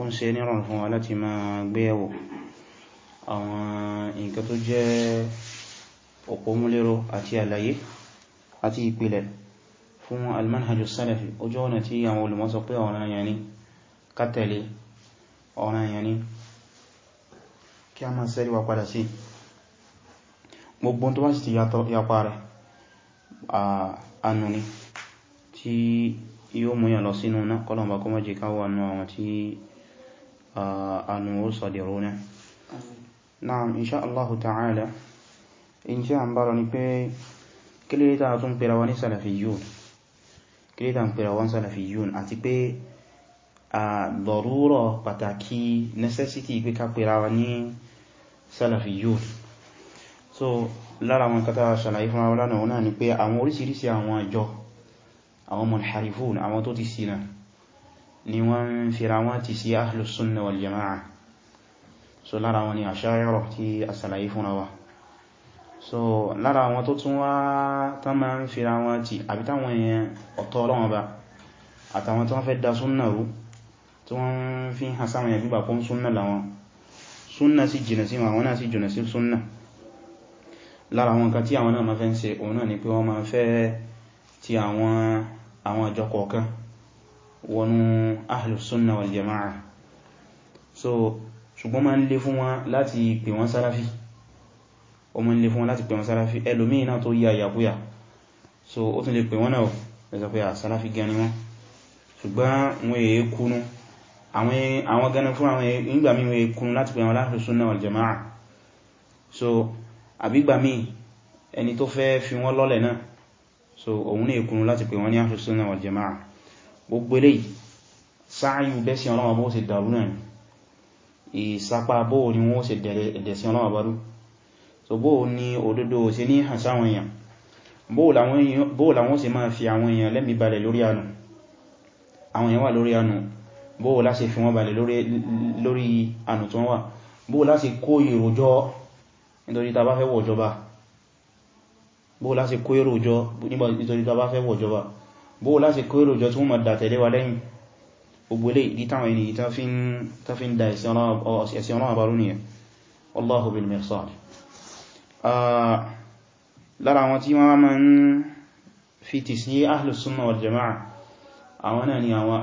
ó ń ṣe nírọ̀rùn fún wa láti máa gbé ẹ̀wò àwọn nǹkan tó jẹ́ òpómúlérò àti àlàyé àti ìpìlẹ̀ fún almanhajjú salafi ojú ọ̀nà tí àwọn olùmọ̀ sọ pé ọ̀ràn àyà ni ká tẹ̀lé ọ̀ràn àyà ni kí a máa sẹ́ríwá padà sí gbogbo tó bá sì ti yapa rẹ̀ àánú ni tí yóò mú yàn lọ sínú náà kọlọ̀mbà kó má àwọn tí المرصدرون نعم إن شاء الله تعالى إن شاء أمبرني بي كليتا أتون بيرواني سلفيون كليتا بيروان سلفيون àti pé ضرورة pàtàkì necessity pé ká pẹ̀rawani salafiyun so lára wọn kata ṣàlàyé fún àwọn lánàá wọn náà ni pé àwọn orísìírísìí àwọn àjọ àwọn munharifun àwọn tó ti ṣìnà ni wọ́n ń fira wọ́n ti sí ahlus sunna wal jama'a so lára wọn ni àṣáyọ̀rọ̀ tí a sàlàyé fúnra wa so lára wọn tó tún wá tán ma ń fira wọn ti àbí táwọn èèyàn ọ̀tọ̀ ọlọ́wọ́n ba àtàwọn tó wọ́n fẹ́ da súnnà rú tí wọ́n fi ń hasáwọn èèyàn gbígbà kún súnnà wọnú ahlùsúnnà wal jama'a so ṣùgbọ́n ma ń lé fún wọn láti pè wọn sáráfí o ma ń lé fún wọn láti pè wọn sáráfí ẹlòmíì náà tó yíya yàbúyà so ó tún lè pè wọn náà ẹ̀sọ̀ pé àsáráfí gani wọn ṣùgbọ́n wọn èé kúnú àwọn gani fún àwọn ìgbà mí wọn èé kúnú láti pè wọn so àbígbà mí ẹni tó fẹ́ fi wọn lọ́lẹ̀ so òun ní èkúnú láti pè wọn ní ahlùsúnnà wal jama'a gbogbo eléyìí sáàyù bẹ́sí ọlọ́wọ́ bó ṣe dàrú náà ìsapá bó ní wọ́n ṣe dẹ̀sí ọlọ́wọ́ bá rú so bó ní òdodo ṣe ní hàn sáwọn èèyàn bó làwọn ṣe máa fi àwọn èèyàn lẹ́mí balẹ̀ lórí ànù àwọn èèyàn wà lórí ànù bó láṣe fi wọ́n balẹ̀ lórí ànù tó wà bó láṣe kó ìròjọ́ nítorí ta bá fẹ́ wọ̀jọba bó láṣe kó ìròjọ́ nítorí ta bá fẹ́ wọ̀jọba bó láti kó èròjọ tó mọ̀ dà tẹ̀lé wa lẹ́yìn ògbólé ìdí táwọn ènìyàn ta fi ń da ẹ̀sìn ọ̀nà àbárú ni ẹ̀ Allahu bil mirsad lára wọn tí wọ́n máa ń fi tì sí ahlusunmo sunnah jama'a àwọn náà ni àwọn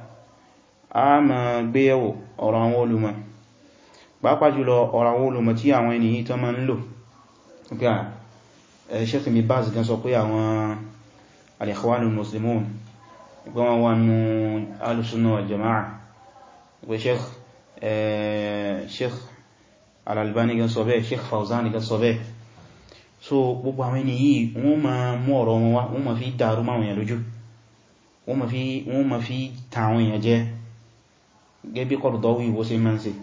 a ma gbéyẹ̀wò ọ̀rọ̀ àwọn olùmọ̀ pàápàá jùlọ ọ̀rọ̀ àwọn olùmọ̀ tí àwọn ènìyàn tán ma ń lò Sheikh Ibn Baz gan sọ pé àwọn al-Ikhwanul Muslimun pé wọ́n wà nù Ahlus-Sunnah wal Jama'ah pé Sheikh Al-Albani gan sọ bẹ́ẹ̀ Sheikh Fawzan gan sọ bẹ́ẹ̀ so gbogbo àwọn ènìyàn wọ́n ma mú ọ̀rọ̀ wọn wá wọ́n ma fi dàrú máwọn èèyàn lójú wọ́n ma fi tàwọn èèyàn jẹ́ gẹ́bí Qardawi ìwó se mẹ́ sí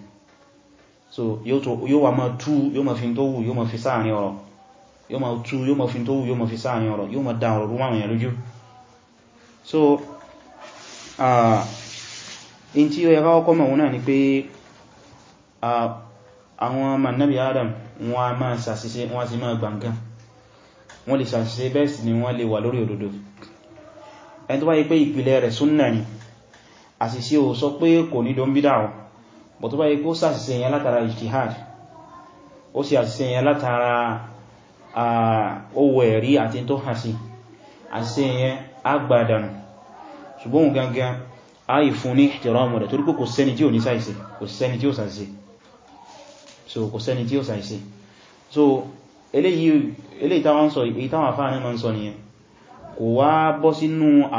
so yóò wà máa tú yóò máa fi tó yóò máa fi sáàrin ọ̀rọ̀ yóò máa tú yóò máa fi tó yóò máa fi sáàrin ọ̀rọ̀ yóò máa dá ọ̀rọ̀ rúwà lójú so in tí ó yẹ káwọ́kọ́ ẹni tó bá pé ìpìlẹ̀ rẹ̀ súnnà ni àṣìṣe ò sọ pé kò ní dọ́n bídá ọ̀ bọ̀ tó bá yíkó sàṣìṣe èyàn látara ijtihad ó sì àṣìṣe èyàn látara owó ẹ̀rí àti tó hàn sí àṣìṣe èyàn agbádànù ṣùgbọ́n gangan a yìí fún ní ìtẹ̀rọmù torí kò sẹ́ni tí ò ní sàṣìṣe kò sẹ́ni tí ò sàṣìṣe so kò sẹ́ni tí ò sàṣìṣe so eléyìí táwọn sọ èyí táwọn afáà náà sọ ni wọ́n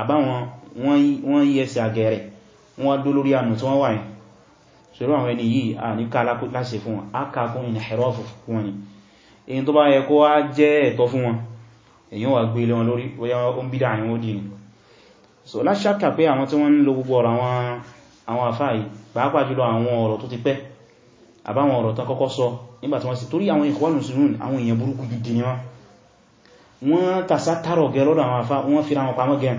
àbáwọn wọ́n yí ẹsẹ̀ àgẹ̀rẹ̀ wọ́n dó lórí ànà tí wọ́n wà ní ṣòro àwọn ẹni yìí a ní ká láṣẹ fún wọn a ká fún ìnìyànrọ́fù fún ni èyí tó bá yẹ kó wá jẹ́ ẹ̀tọ́ fún wọn èyí wà gbé ilé wọn lórí so láṣákà pé àwọn tí wọ́n ń lo gbogbo ọ̀rọ̀ àwọn àfáà yìí pàápàá jùlọ àwọn ọ̀rọ̀ tó ti pẹ́ àbáwọn ọ̀rọ̀ tán kọ́kọ́ sọ nígbàtí wọ́n sì torí àwọn ìkwọ́nù sunun àwọn gẹ lọ́dọ̀ àwọn àfá wọ́n fi ra wọn pamọ́ gẹn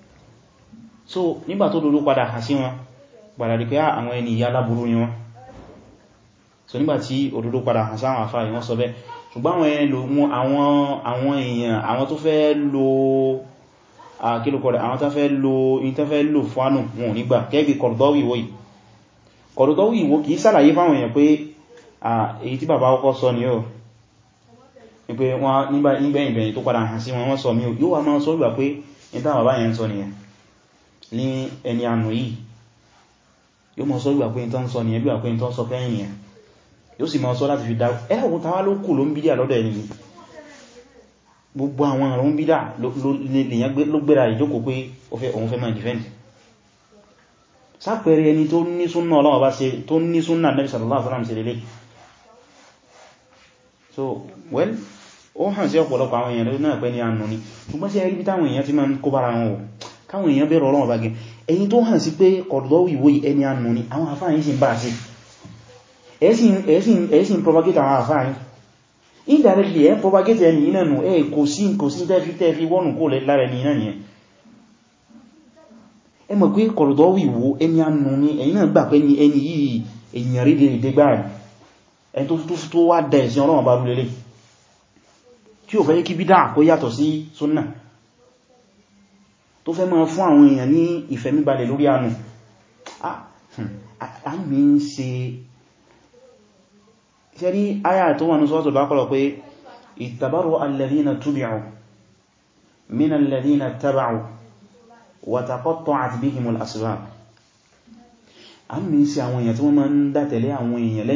so nígbà tó dúdú padà hàn sí wọn padà rí pé ah, àwọn ẹni ìyá aláburú ni wọn so nígbà tí òdúdó padà hàn sáwọn àfáà ìwọ́n sọ bẹ́ẹ̀ ṣùgbọ́n àwọn ẹni lòun àwọn èèyàn àwọn tó fẹ́ lo àkílùkọ̀rẹ̀ àwọn tó fẹ́ lo ìtẹ́fẹ́ lò fánù wọn ò nígbà kẹ́gbì kọ̀rọ̀dọ́wìwò yìí kọ̀rọ̀dọ́wìwò kìí sàlàyé fáwọn èèyàn pé èyí tí bàbá ọkọ̀ sọ ni ó pé wọ́n nígbà ìgbẹ̀yìn tó padà hàn sí wọn wọ́n sọ mí yóò wà máa sọ pé ìta bàbá yẹn sọ nìyẹn ní ẹni ànù yìí yóò mọ̀ sọ ìgbà pé ìtàn sọ ní ẹbí àpé ìtàn sọ fẹ́yìn yẹn yóò sì mọ̀ sọ láti fi dá ẹwọ tàwà ló kù ló ń bídà lọ́dọ̀ ẹni gbogbo àwọn àrùn bídà ló gbéra ìjókòó pé òun fẹ́ máa sallallahu alaihi wasallam ṣe lélẹ́ so well ó hàn sí ọ̀pọ̀lọpọ̀ àwọn èèyàn náà pẹ́ ní ànú ni ṣùgbọ́n sí ẹrí bí káwọn èèyàn bẹ̀rọ ọlọ́wọ̀n bagẹ ẹ̀yin tó hàn sí pé Qardawi ìwò ẹni ànú ni àwọn àfáàyìn sì ń bá sí ẹ̀ẹ́sìn propagate àwọn àfáàyìn indirectly ẹ̀ propagate ẹni iná nù ẹ̀ kò sí kò sí tẹ́fí tẹ́fí wọ́nù kó lára ẹni iná nìyẹn ẹ mọ̀ pé Qardawi ìwò ẹni ni ẹ̀yin náà gbà pé ní ẹni yìí èèyàn rí dèrè dégbà rẹ̀ ẹni tó tó wá dẹ̀ sí ọlọ́wọ̀n bá tó fẹ́ máa fún àwọn èèyàn ní ìfẹ̀míbalẹ̀ lórí àánú hmm, àmì ń ṣe ṣe rí ayà tó wà ní sọ́tọ̀ bá kọ́lọ̀ pé ìtàbárò alladhina tubi'u min alladhina taba'u wa taqatta'at bihimul asbab àmì ń ṣe àwọn èèyàn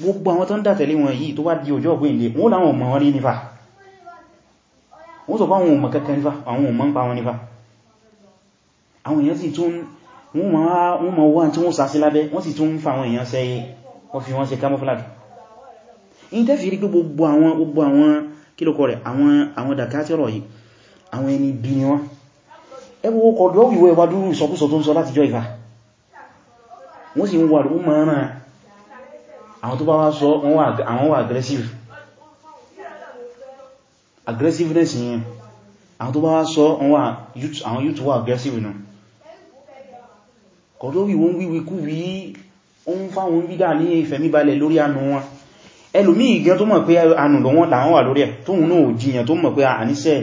gbogbo àwọn tó ń dátẹ̀lé wọn yìí tó bá di ọjọ́ ọ̀gbìn ilé wọ́n láwọn ọmọ wọn rí nífà wọ́n sọ bá àwọn ọmọ kankan nífà àwọn ọmọ ń pa wọn nífà àwọn èèyàn sì tún wọ́n ma wá tí wọ́n sá sí lábẹ́ wọ́n sì tún ń fa àwọn èèyàn sẹ́ wọ́n fi wọ́n ṣe camouflage in tẹ́fì rí pé gbogbo àwọn gbogbo àwọn kílòkọ rẹ̀ àwọn dàkátírọ̀ yìí àwọn ẹni bí ni wọ́n ẹgbogbo kọ̀dọ̀ ìwẹ̀ wá dúró ìsọkúsọ tó ń sọ látijọ́ ìfà wọ́n sì ń wà rú mọ́ràn àwọn tó bá wá sọ àwọn wà aggressive aggressiveness yẹn àwọn tó bá sọ àwọn youth wà aggressive nù kọ̀ tó wíwọ́ ń wíwí kú wí ó ń fáwọn bídá ní ìfẹ̀míbalẹ̀ lórí anú wọn ẹlòmí ìgẹ́ tó mọ̀ pé anù lọ́wọ́n làwọn wà lórí ẹ̀ tó hùn náà jiyàn tó mọ̀ pé àníṣẹ́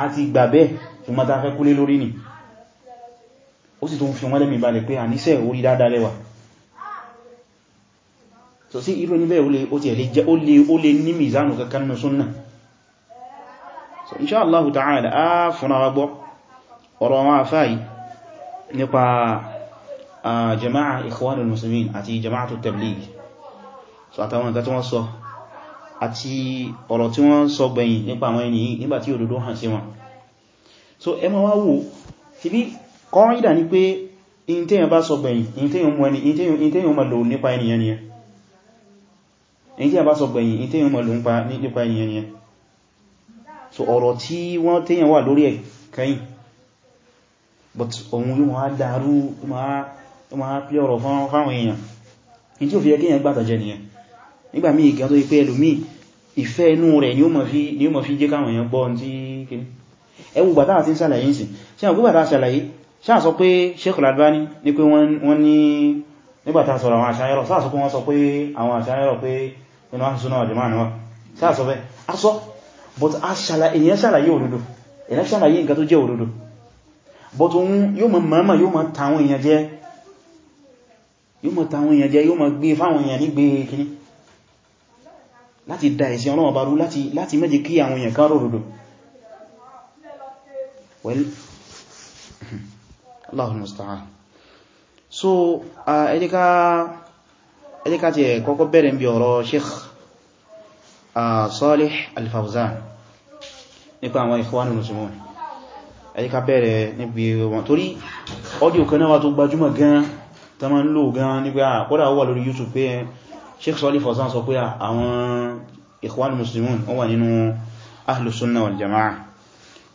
àti gbàbẹ́ tó mọ́ ta fẹ́ kúlé lórí nì ó sì tó ń fi wọ́n lẹ́mí balẹ̀ pé àníṣẹ́ orí dáadáa lẹ́wà so sí irú níbẹ̀ ó lè ní mìzánù kankan nù súnnà so insha Allahu ta'ala a fúnra wa gbọ́ ọ̀rọ̀ wọn àfá yìí nípa jama'a ikhwanul muslimin àti jama'atu tabligh so àtàwọn nǹkan tí wọ́n sọ àti ọ̀rọ̀ tí wọ́n sọ gbẹ̀yìn nípa àwọn ènìyàn nígbàtí òdodo hàn sí wọn so ẹ ma wá wò ti bí kọ́ìdà ni pé in tẹ́yàn bá sọ gbẹ̀yìn in tẹ́yàn ma lò nípa ènìyàn ni in tẹ́yàn bá sọ gbẹ̀yìn in tẹ́yàn ma lò nípa ènìyàn ni so ọ̀rọ̀ tí wọ́n tẹ́yàn wà lórí ẹ̀ kẹ́yìn but ohun yíò wọ́n á dárú ma á pí ọ̀rọ̀ fáwọn èèyàn in tí ó fi yẹ kíyàn gbátàjẹ́ nìyàn nígbà míì gan tó ipé ẹlòmí ìfẹ́ inú rẹ̀ ni ó mọ̀ fi jẹ́ káwọn èèyàn gbọ́ tí kí ẹwù bàtà àti sàlàyé sí ṣe àwọn bàtà sàlàyé ṣáà sọ pé Sheikh Al-Albani ní pé wọ́n ní nígbàtà sọ̀rọ̀ àwọn àṣàyẹ̀rọ̀ sáà sọ pé wọ́n sọ pé but èyàn ṣàlàyé òdodo èyàn ṣàlàyé nǹkan tó jẹ́ òdodo but un yóò mọ̀ mọ̀ yóò mọ̀ tàwọn èyàn jẹ yóò mọ̀ tàwọn èyàn jẹ yóò mọ̀ gbé fáwọn èyàn ní gbé kíní láti da ẹ̀sìn ọlọ́wọ̀ bá rú láti méjì kí àwọn èyàn kan ròròdò well Allahul musta'an so edika edika je koko ń bí ọ̀rọ̀ sheikh Salih Al-Fawzan nípa àwọn Ikhwanu Muslimun ẹ̀yí ká bẹ̀rẹ̀ níbi wọn torí ọdí òkan náà tó gbajúmọ̀ gan tó ma ń lò gan níbi àkọ́dà wà lórí YouTube pé Sheikh Salih Fawzan sọ pé àwọn Ikhwanu Muslimun wọ́n wà nínú Ahlus Sunnah wal Jama'ah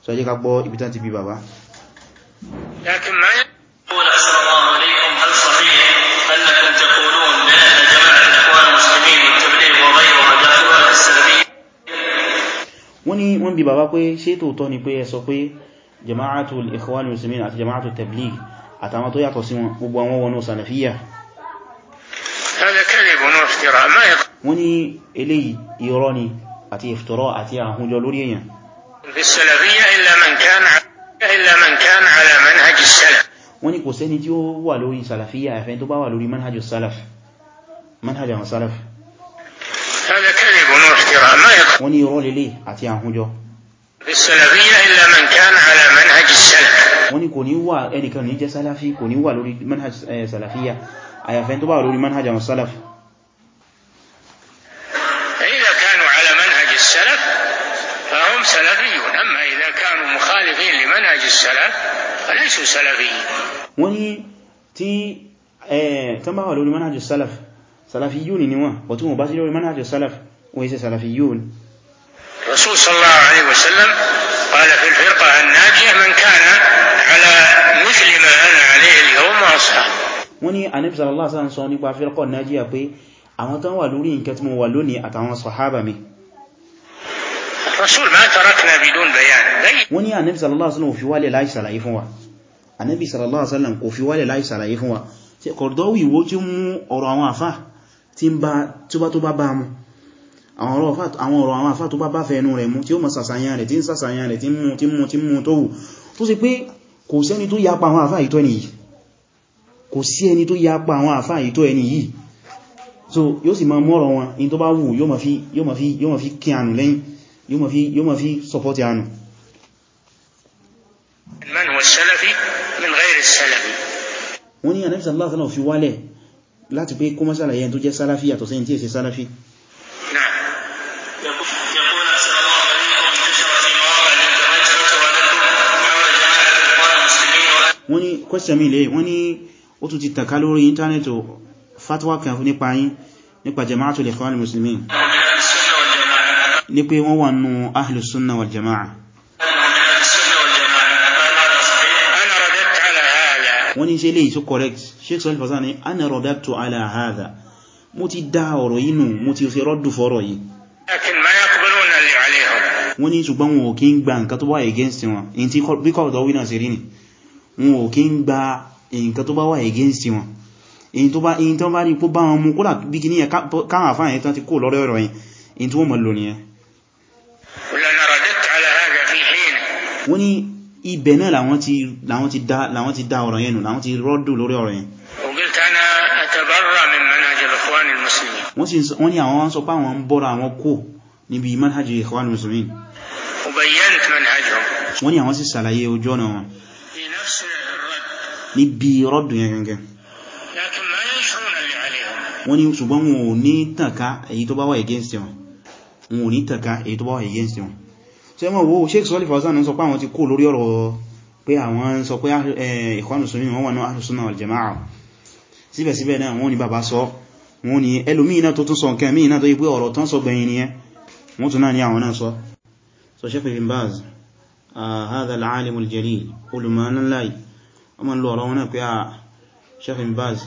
so ẹ̀yí ká gbọ́ ibi tán ti bí bàbá lakin ma ní wọ́n bí bàbá pé ṣé tòótọ́ ni pé ẹ sọ pé jama'atul ikhwan muslimin àti jama'atul tabligh àtàwọn tó yàtọ̀ sí wọn gbogbo àwọn wọnú sàlàfíyà wọ́n ní eléyìí irọ́ ni àti iftira àti àhúnjọ lórí èèyàn wọ́n ní kò sẹ́ni tí ó wà lórí sàlàfíyà àfẹ́ tó bá wà lórí manhajus salaf wọ́n ní irọ́ lélẹ̀ àti àhúnjọ wọ́n ní kò ní wà ẹnìkan ní jẹ́ sálàfí kò ní wà lórí manhaj sálàfíyà àyàfẹ́ tó bá lórí manhaj àwọn sálàfí فهم سلفيون أما إذا كانوا مخالفين لمنهج السلف فليسوا سلفيين wọ́n ní tí tán bá wà lórí manhaj salaf salafiyun ni wọ́n bọ̀ tí wọ́n bá sí lórí manhaj salaf وليس سلفيون الرسول صلى الله عليه وسلم قال في الفرقة الناجية من كان على مثل ما أنا عليه اليوم وأصحابه وني أن يبزل الله صلى الله عليه وسلم فرقة الناجية بي أما تنوالوني إن كتموا والوني أتعوان صحابمي الرسول ما تركنا بدون بيان وني أن يبزل الله صلى الله عليه وسلم في والي لايس على إفوا أن يبزل الله صلى الله عليه وسلم وفي والي لا على إفوا تقردوي وجمو أروا فا تيمبا تبا تبا بامو àwọn ọ̀rọ̀ àwọn àfá tó bá bá fẹ́ ẹnu rẹ̀ mú tí ó mọ̀ sàṣàyàn rẹ̀ tí ń sàṣàyàn rẹ̀ tí ń mú tí ń mú tí ń mú tó wù tó sì pé kò sí ẹni tó yapa àwọn àfá ìtọ́ ẹni yìí kò sí ẹni tó yapa àwọn àfá ìtọ́ ẹni yìí so yóò sì máa mọ́rọ̀ wọn in tó bá wù yóò máa fi yóò máa fi yóò máa fi kí ànù lẹ́yìn yóò máa fi yóò máa fi sọpọ́tì ànù wọ́n ni ànábì sallallahu alaihi wasallam fi wálẹ̀ láti pé kó mọ́ sálàyé tó jẹ́ sálàfí yàtọ̀ sí tí è sí sálàfí question mi lè wọ́n ní ó tún ti tàkà lórí internet o fatwa kan fún nípa yín nípa jama'atul ikhwan muslimin ní pé wọ́n wà nù ahlus sunna wal jama'a wọ́n ní ṣe lè tó correct sheikh sọ́lẹ̀ fasani ana radatu ala hadha mo ti dá ọ̀rọ̀ yìí nù mo ti ṣe rọ́dù fọ́rọ̀ yìí wọ́n ní ṣùgbọ́n wọn ò kí gba nǹkan tó wà against wọn in tí bí kọ̀ọ̀dọ̀ wínà sí rí wọn ò kí ń gba nǹkan tó bá wà against wọn èyí tó bá èyí tó bá rí pó bá wọn mú kódà bí kí ní ẹ káwọn àfáà yẹn tó ti kó lọ́rọ̀ ẹ̀rọ yẹn èyí tí wọ́n mọ̀ lò nìyẹn wọ́n ní ibẹ̀ náà làwọn ti dá ọ̀rọ̀ yẹn nù làwọn ti rọ́dù lórí ọ̀rọ̀ yẹn níbi rọ́dù yẹn gẹngẹn wọ́n ní ṣùgbọ́n wọn ò ní tànká èyí tó bá wà against wọn wọn ò ní tànká èyí tó bá wà against wọn tí wọ́n wo Sheikh Sọ́lì Fawzān ń sọ pé àwọn ti kó lórí ọ̀rọ̀ pé àwọn ń sọ pé Ikhwānu Muslimīn wọ́n wà náà Ahlus Sunnah wal Jamā'ah síbẹ̀síbẹ̀ náà wọ́n ní bàbá sọ wọ́n ọmọ lọ ọ̀rọ̀ wọn náà pé a ah, Sheikh Baz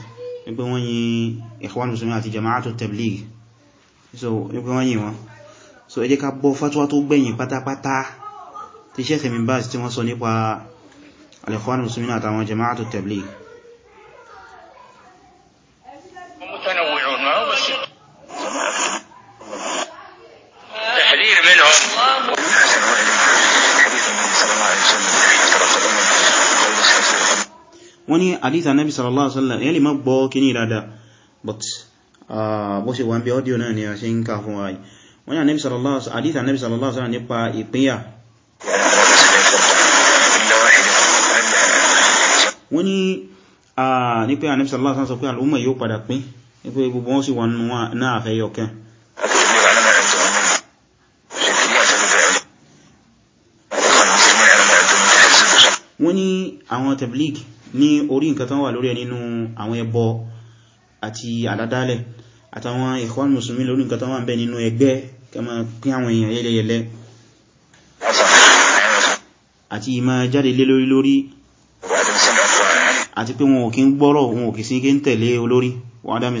ní pé wọ́n yìn Ikhwan Muslimin àti Jama'atu Tabligh so ní pé wọ́n yìn wọn so ẹ jẹ́ ká bọ́ fatuwa tó gbẹ̀yìn pátápátá tí Sheikh Baz tí wọ́n sọ nípa al-Ikhwan àtàwọn Jama'atu Tabligh hadith anabi sallallahu alaihi wasallam yẹn lè má gbọ́ kíní dada but ah, bó ṣe wà ń bí audio náà ni a ṣe ń ká fún wa yìí wọ́n yà hadith anabi sallallahu alaihi wasallam nípa ìpínyà wọ́n ni ah, ní pé anabi sallallahu alaihi wasallam sọ pé al'umma yóò padà pín ní pé wọ́n ni àwọn tabligh ní orí nǹkan tán wà lórí ẹ nínú àwọn ẹbọ àti àdádálẹ̀ àtàwọn ikhwan musulmi lórí nǹkan tán wà ń bẹ nínú ẹgbẹ́ kẹmọ pín àwọn èèyàn yẹlẹyẹlẹ àti ìmá jáde lé lórí lórí àti pé wọn ò kí ń gbọ́rọ̀ wọn ò kí ń tẹ̀lé olórí wọ́n ní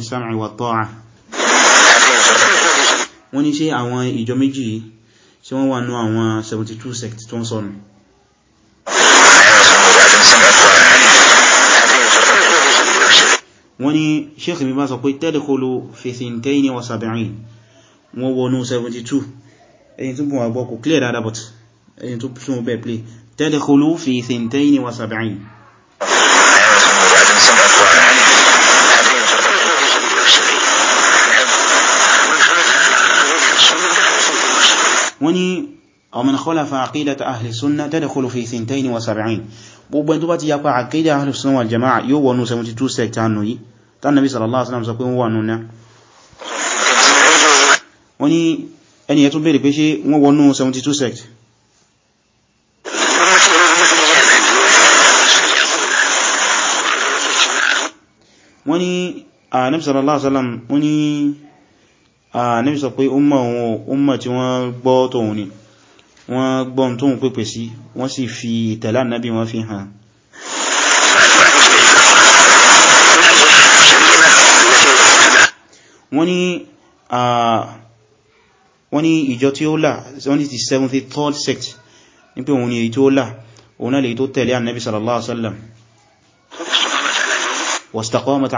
sect tó wọ́n ní sheikh mi bá sọ pé tadkhulu fi thintayn wa sab'in wọ́n wọnú 72 ẹni tó bùn àgbọ́ kò clear dada but ẹni tó sún bẹ́ẹ̀ play tadkhulu fi wọ́n ní ọmọ khalafa aqidata ahli sunnah tadkhulu fi thintayn gbogbo ẹni tó bá ti yapa àkídà ahlus sunnah wal jamaa yóò wọnú 72 sect ànú yìí tán nàbí sallallahu alaihi wasallam sọ pé wọ́n wà núnà wọ́n ní ẹni ẹ̀ tún bèèrè pé ṣé wọ́n wọnú 72 sect wọ́n ní ànábì sallallahu alaihi wasallam wọ́n wọ́n gbọ́n tó ń pèpè sí wọ́n sì fi ìtẹ̀lá nábì wọ́n fi hàn wọ́n ní wọ́n ní ìjọ tí ó là wọ́n ní ti 73rd sect ní pé òun ni èyí tí ó là òun náà lè tó tẹ̀lé annabi sallallahu alaihi wasallam wastaqamat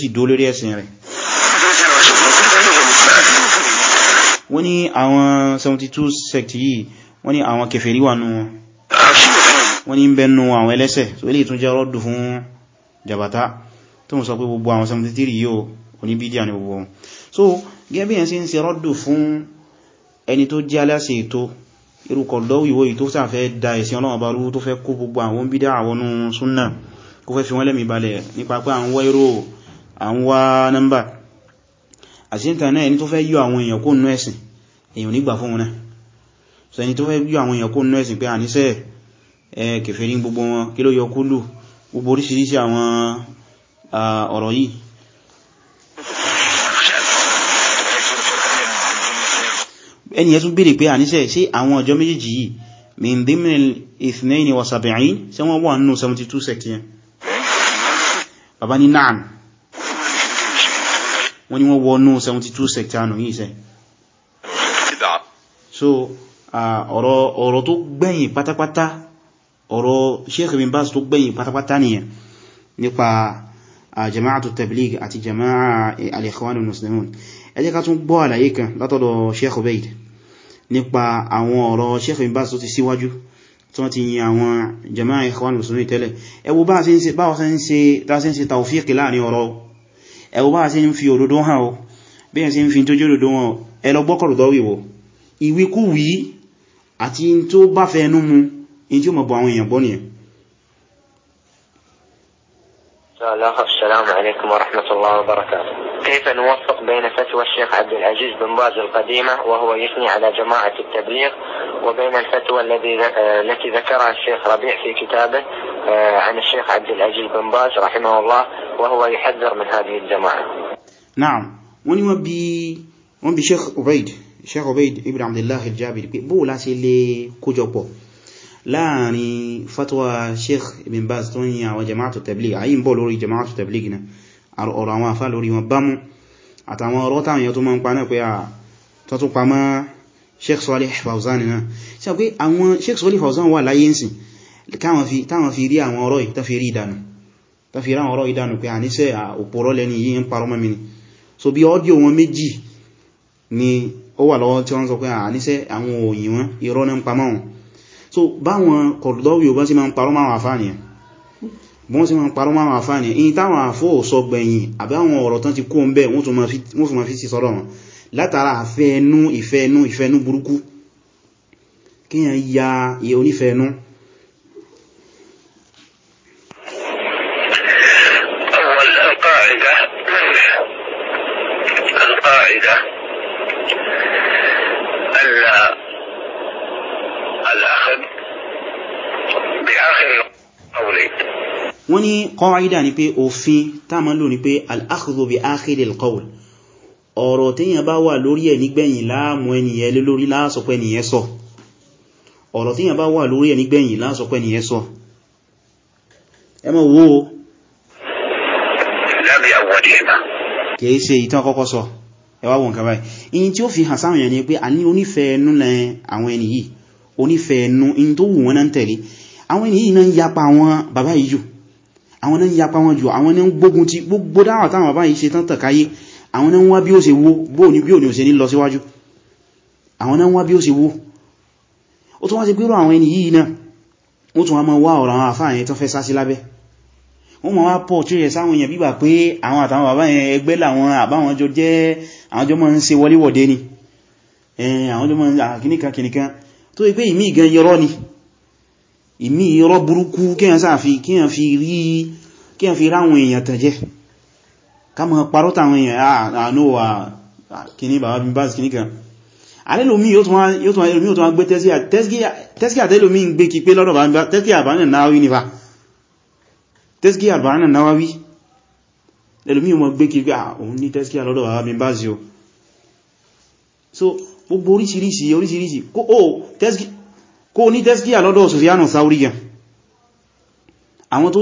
sì dó lórí ẹ̀sìn rẹ̀ wọ́n ní àwọn 72 sect yìí wọ́n ní àwọn kèfèrí wà nù wọn wọ́n ní ń bẹnu àwọn ẹlẹ́sẹ̀ so ilé ìtún jẹ́ rọ́dù fún jàbátá tó mú sọ pé gbogbo àwọn 73 yíò oníbídíà ní gbogbo wọn so gẹ́bí ẹ̀ sí ń ṣe rọ́dù fún ẹni tó jẹ́ aláṣẹ ètò irúkọ̀ lọ́wìwò yìí tó sàfẹ́ da ẹ̀sìn ọlọ́wọ́ bá rú tó fẹ́ kó gbogbo àwọn bídá àṣíntà náà ẹni tó fẹ́ yọ àwọn èèyàn kó nú ẹ̀sìn èèyàn nígbà fún wọn náà so ẹni tó fẹ́ yọ àwọn èèyàn kó nú ẹ̀sìn pé àníṣẹ́ kèfèrí gbogbo wọn kí ló yọ kúlù gbogbo oríṣiríṣi àwọn ọ̀rọ̀ yìí ẹni yẹ tún béèrè pé àníṣẹ́ sí àwọn ọjọ́ méjèèjì yìí min dimnil ithnaini wa sab'in sí wọ́n wà nínú 72 sect yẹn bàbá ní na'am wọ́n ni wọ́n wọnú 72 sectanu yìí sẹ́ so ọ̀rọ̀ ọ̀rọ̀ tó gbẹ̀yìn pátápátá ọ̀rọ̀ Sheikh bin Baz tó gbẹ̀yìn pátápátá nìyẹn nípa jama'atu tabligh àti jama'a al-Ikhwanul Muslimun ẹ jẹ́ ká tún gbọ́ àlàyé kan látọ̀dọ̀ Sheikh Ubaid nípa àwọn Sheikh bin Baz tó ti síwájú tí wọ́n jama'a Ikhwanul Muslimun tẹ́lẹ̀ ẹ wo bá ṣe ń ṣe tawfiq láàrin ẹwọ bá ṣe ń fi òdodo hàn o bí ẹ̀ ṣe ń fi tó jẹ́ òdodo hàn ẹlọ gbọ́kọ̀rọ̀dọ́ wíwò ìwíkúwí àti in tó bá fẹ́ ẹnu mu in tí ó mọ̀bọ̀ àwọn èèyàn gbọ́ كيف نوفق بين فتوى الشيخ عبد العزيز بن باز القديمة وهو يثني على جماعة التبليغ وبين الفتوى الذي آه، التي ذكرها الشيخ ربيع في كتابه آه، عن الشيخ عبد العزيز بن باز رحمه الله وهو يحذر من هذه الجماعه. نعم وني بي وان بي شيخ عبيد شيخ عبيد ابن عبد الله الجابري بو لا سي لي كوجوبو لاني فتوى شيخ ابن باز توني او التبليغ اي بولوري جماعه التبليغنا ار اوراما فالوري مبامو اتاما روتا يوتو مان بانا بيا تاتو sheikh Salih Fawzan náà ṣe pé àwọn sheikh Salih Fawzan wà láyé ǹsìn táwọn fi rí àwọn ọ̀rọ̀ ìta fi rí ìdànù ta fi ráwọn ọ̀rọ̀ ìdànù pé àníṣẹ́ òpòrọ́ lẹ́ni yìí ń parọ́ mọ́ ni so bí ọdí wọn méjì ni ó wà lọ́wọ́ tí wọ́n sọ pé àníṣẹ́ àwọn ní ń pa máwọn so báwọn kọ̀dọ̀wì bọ́n sí ma ń parọ́ máwọn àfáànìyàn bọ́n sí ma ń parọ́ máwọn àfáànìyàn in táwọn àfóòsọ gbẹ̀yìn àbáwọn ọ̀rọ̀ tán ti wọn látara àfẹ́ẹnú ìfẹ́ẹnú ìfẹ́ẹnú burúkú kíyàn ya onífẹ́ẹnú wọ́n ní kọ́wàá ìdá ni pé òfin tá ma lò ní pé al-akhdhu bi akhiril qawl ọ̀rọ̀ tíyàn bá wà lórí ẹ̀ nígbẹ̀yìn láàmù ẹniyẹ lé lórí lásọpẹ́ ẹniyẹ sọ ọ̀rọ̀ tíyàn bá wà lórí ẹ̀ nígbẹ̀yìn lásọpẹ́ ẹniyẹ sọ ẹ má wò ó kìí ṣe ìtàn kọ́kọ́ sọ ẹ wá wo in tí ó fi hàn sáwọn èèyàn ni pé a ní onífẹ́ ẹnu lẹ àwọn ẹni yìí onífẹ́ ẹnu in tó wù wọ́n náà ń tẹ̀lé àwọn ẹni yìí náà ń yapa wọn bàbá yìí jù àwọn náà ń yapa wọn jù àwọn náà ń gbógun ti gbogbo dáwà táwọn bàbá yìí ṣe tán tàkáyé àwọn náà ń wá bí ó ṣe wó bóò ní bí ò ní ò ṣe ní lọ síwájú àwọn náà ń wá bí ó ṣe wó ó tún wá sí gbérò àwọn ẹni yìí náà ó tún wá máa wá ọ̀rọ̀ àwọn àfáà yẹn tó fẹ́ sá lábẹ́ wọ́n máa wá pọ̀ tí ó yẹ sáwọn èèyàn bíbà pé àwọn àtàwọn bàbá yẹn ẹgbẹ́ làwọn àbáwọn jọ jẹ́ àwọn jọ máa ń ṣe wọléwọ̀dé ni àwọn jọ máa ń kìnìkan kìnìkan tó yẹ pé ìmí gan irọ́ ni ìmí irọ́ burúkú kéèyàn sáà fi kéèyàn fi rí kéèyàn fi ráwọn èèyàn tàn jẹ́ kama parọ́ tàwọn èèyàn àánú wà kìíní bàbá bí báṣì kìíní kan alẹ́lòmí yóò tún wá gbé tẹ́sí àtẹ́lòmí ń gbé kí pé lọ́dọ̀ bá tẹ́sí àbáyàn náwáwí nífà tẹ́sí àbáyàn náwáwí lẹ́lòmí mọ́ gbé kí pé àwọn ah, ní tẹ́sí àlọ́dọ̀ bàbá bí báṣì o so gbogbo oríṣiríṣi oríṣiríṣi kó oh, ní tẹ́sí àlọ́dọ̀ Sufyanu Thawri gan àwọn tó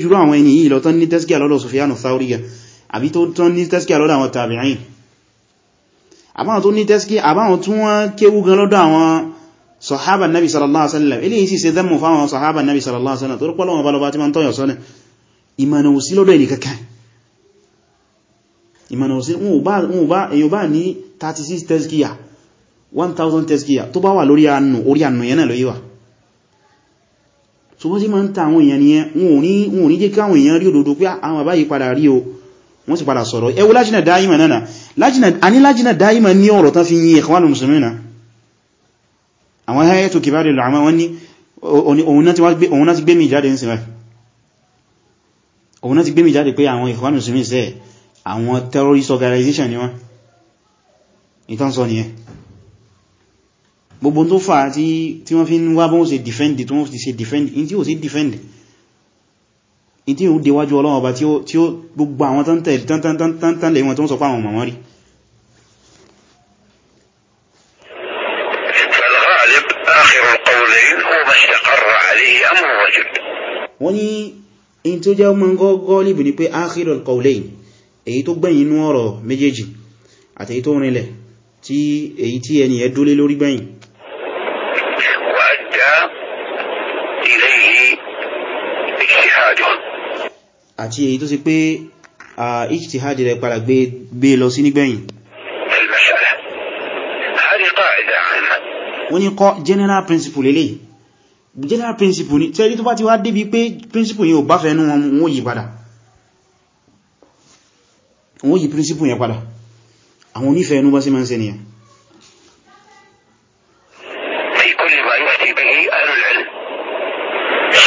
ju àwọn ẹni yìí lọ tán ní tẹ́sí àlọ́dọ̀ sofiano Thawri gan àbí tó tán ní tẹ́síkíà lọ́dọ̀ àwọn tàbí'ìn àbáwọn tó ní tẹ́síkíà àbáwọn tó wọ́n kéwú gan lọ́dọ̀ àwọn sọ̀hábà nabi sallallahu alaihi wasallam ilé yìí sì ṣe dẹ́mù fáwọn sọ̀hábà nabi sallallahu alaihi wasallam tó rúpọ́ lọ́wọ́ balọba tí ma ń tọ́yọ̀ sọ́nà ìmọ̀nà òsí lọ́dọ̀ ẹni kankan ìmọ̀nà òsí wọn bá èyàn bá ní 36 tẹ́síkíà 1000 tẹ́síkíà tó bá wà lórí ànù orí ànù yẹn náà lóyí wà so wọ́n sì ma ń ta àwọn èèyàn wọn ò ní jẹ́ káwọn èèyàn rí òdodo pé ah, àwọn àbáyí padà rí o wọ́n sì padà sọ̀rọ̀ ẹwú lájínà dáyìmà náà àní lájínà dáyìmà ní ọ̀rọ̀ tán fi yí Ikhwanul Muslimina àwọn hay'atu kibari al-ulama wọ́n ní òun náà ti gbé mi jáde ń sinmi òun náà ti gbé mi pé àwọn Ikhwanul Muslimin sẹ́ àwọn terrorist organization ni wọ́n ìtàn sọ nìyẹn gbogbo defend tí wọ́n defend in tí defend ìtí ìhùn déwájú Ọlọ́run Ọba tí ó gbogbo àwọn tántàlẹ̀ wọn tó ń sọ páwọn mọ̀mọ́ rí wọ́n ní in tí ó jẹ́ ọmọ gọ́gọ́ líbì ní pé akhirul qawlayn èyí tó gbẹ̀yìn inú ọ̀rọ̀ méjèèjì àtèyí tó rinlẹ̀ tí èyí tí ẹni ẹ̀ dúlé lórí gbẹ̀yìn àti èyí tó sì pé ijtihad rẹ̀ padà gbé lọ sí nígbẹ̀yìn wọ́n ní kọ́ general principle lélẹ̀ general principle ni tẹ́rí tó bá ti wá débi pé principle yìí ò bá fẹ́ nú wọn wọ́n yí padà wọ́n yí principle yẹn padà àwọn onífẹ́ bá sí máa ń ṣe nìyàn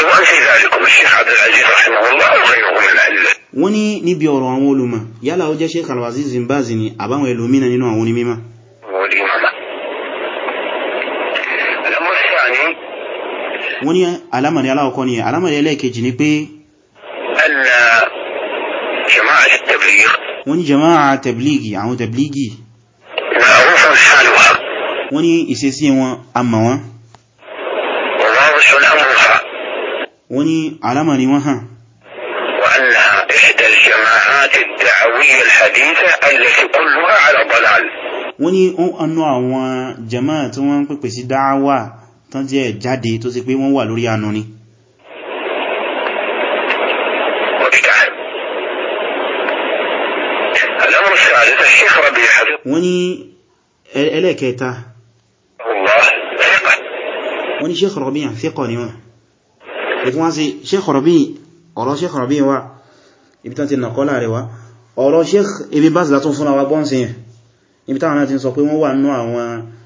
سواء في ذلكم wọ́n ní níbi ọ̀rọ̀ àwọn olùmọ̀ yálà ó jẹ́ Sheikh Al-Aziz Bin Baz ni àbáwọn ẹlòmínà nínú àwọn onímímọ̀ wọ́n ní alamari aláwọ̀kọ́ ni alamari ẹlẹ́ẹ̀kejì ni pé wọ́n ní jama'a tabligi àwọn tabligi wọ́n ní ìṣesí wọn àmà wọn wọ́n ní alamari wọn hàn alhaditha allati kulluha ala dalal wọ́n ní ó anú àwọn jama'a tí wọ́n ń pèpè sí dáwà tán jẹ́ jáde tó sì pé wọ́n wà lórí anú ni wọ́n ní ẹlẹ́ẹ̀kẹta wọ́n ní Sheikh Rabi' thiqa ni wọ́n ẹ̀kùn wá sí Sheikh Rabi' ọ̀rọ̀ Sheikh Rabi' wá ibi tán ti nàkọ́lá rẹ̀ wá ọ̀rọ̀ Sheikh Ibn Baz látún fún àwọn agbọ́n síyàn ibi táwọn náà ti sọ pé wọ́n wà nínú àwọn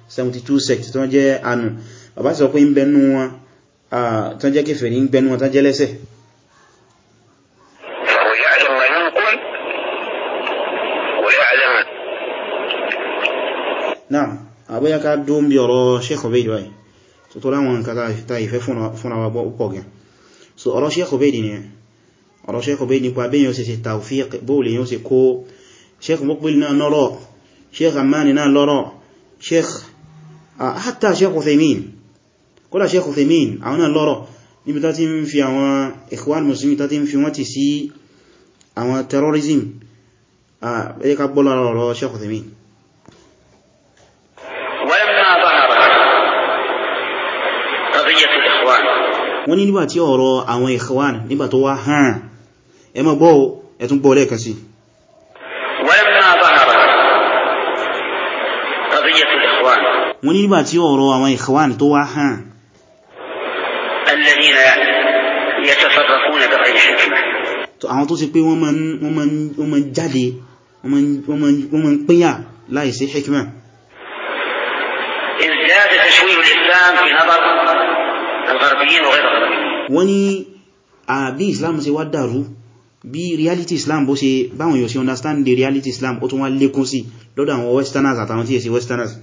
72 sect tó jẹ́ anù bàbá sọ pé ń bẹnu wọn tó jẹ́ kèfèrí ń bẹnu wọn tó jẹ́ lẹ́sẹ̀ náà àbúyá ká dó ń bí ọ̀rọ̀ Sheikh Ubayd báyìí tó tó láwọn nǹkan tá ìfẹ́ fún àwọn agbọ́ pọ̀ gan so ọ̀rọ̀ Sheikh Ubayd nìyẹn ọ̀rọ̀ Sheikh Ubaydi nípa abẹ́yàn ṣe ṣe tawfiq bóòlè yóò ṣe kó Sheikh Muqbil náà lọ́rọ̀ Sheikh Ammani náà lọ́rọ̀ Sheikh ah, hatta Sheikh Uthaymin kódà Sheikh Uthaymin àwọn náà lọ́rọ̀ níbi tó ti ń fi àwọn Ikhwan Muslimin tó ti ń fi wọ́n ti sí àwọn terrorism ẹ̀yẹ́ká gbọ́lọ́ nígbàtí ọ̀rọ̀ àwọn Ikhwan nígbà wá hàn ẹ má gbọ́ ẹ tún gbọ́ lẹ́ẹ̀kan sí wọ́n ní nígbà tí ọ̀rọ̀ àwọn ikhwan tó wá hàn àwọn tó ṣe pé wọ́n ma ń jáde wọ́n ma ń pínyà láìsí hikma wọ́n ní àbí islam ṣe wá dàrú bí reality islam bó ṣe báwọn yóò ṣe understand the reality islam ó tún wá lékún sí lọ́dọ̀ àwọn westerners àtàwọn tí è sí westerners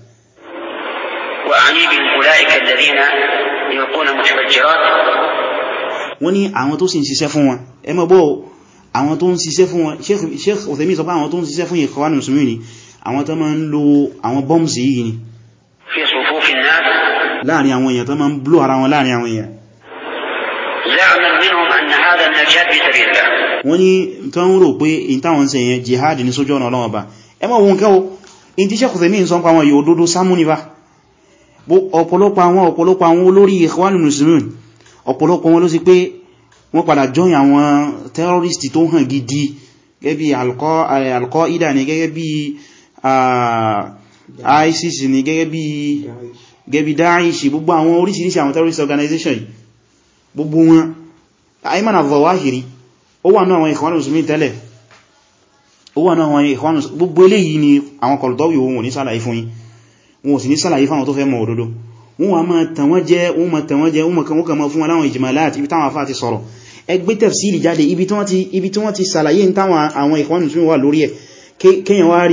wọ́n ní àwọn tó sì ń ṣiṣẹ́ fún wọn ẹ mọ́ bọ́ àwọn tó ń ṣiṣẹ́ fún wọn sheikh othemi sọ pé àwọn tó ń ṣiṣẹ́ fún ikhwan muslimin ni àwọn tó máa ń lo àwọn bombs yìí ni láàrin àwọn èèyàn tó máa ń blow ara wọn láàrin àwọn èèyàn هذا النجاة في سبيل الله wọ́n ní tán rò pé in táwọn ṣe yẹn jihad ní sójú ọ̀nà Ọlọ́run Ọba ẹ mọ̀ wọn kẹ́wọ́ in tí sẹ́kùsẹ̀ ní ìsọ́npa àwọn yóò dúdú sámúnibá ọ̀pọ̀lọpọ̀ àwọn ọ̀pọ̀lọpọ̀ àwọn olórí Ikhwanul Muslimin ọ̀pọ̀lọpọ̀ wọn ló sì pé wọ́n padà join àwọn terrorist tó hàn gidi gẹ́gẹ́ bí Al-Qaeda ni gẹ́gẹ́ bí ah, ISIS ni gẹ́gẹ́ bí gẹ́gẹ́ bí Daesh gbogbo àwọn oríṣiríṣi àwọn terrorist organization gbogbo ayman al-zawahiri ó wà náà àwọn ikhwanul muslimin tẹ́lẹ̀ ó wà náà àwọn ikhwanul gbogbo eléyìí ni àwọn kọlùtọ́wì wọn ò ní sàlàyé fún yín wọn ò sì ní sàlàyé fáwọn tó fẹ́ mọ̀ òdodo wọn wà máa tàn wọ́n jẹ wọn máa tàn wọ́n jẹ wọn kan wọ́n máa fún wọn láwọn ijmalat ibi táwọn afá ti sọ̀rọ̀ ẹgbẹ́ tafsiri jáde ibi tí wọ́n ti sàlàyé ní táwọn àwọn ikhwanul muslimin wà lórí ẹ̀ kéyàn wá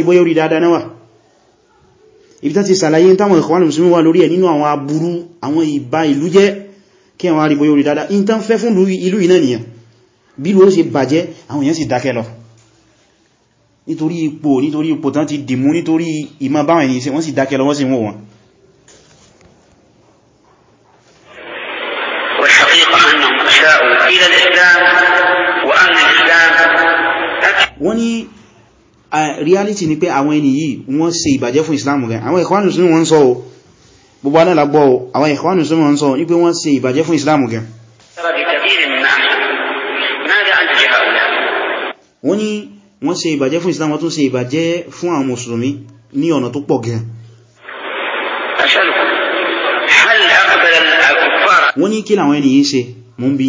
kí àwọn arìbò yóò rí dáadáa in tán fẹ́ fún ìlú iná nìyàn bí ló ṣe bàjẹ́ àwọn èèyàn sì dákẹ́ lọ nítorí ipò nítorí ipò tán ti dìmú nítorí ìmá báwọn ènìyàn wọ́n sì dákẹ́ lọ wọ́n sì wọ́n wọn wọ́n ní reality ni pé àwọn ènìyàn wọ́n se ìbàjẹ́ fún Islam rẹ̀ àwọn Ikhwanus ni wọ́n gbogbo alẹ́làgbọ́ àwọn ìkwánù súnmọ̀ ń sọ wípé wọ́n ṣe ìbàjẹ́ fún Islam gan wọ́n ní wọ́n ṣe ìbàjẹ́ fún Islam wọ́n tún ṣe ìbàjẹ́ fún àwọn mùsùlùmí ní ọ̀nà tó pọ̀ gan wọ́n ní kí làwọn ènìyàn ṣe mú bí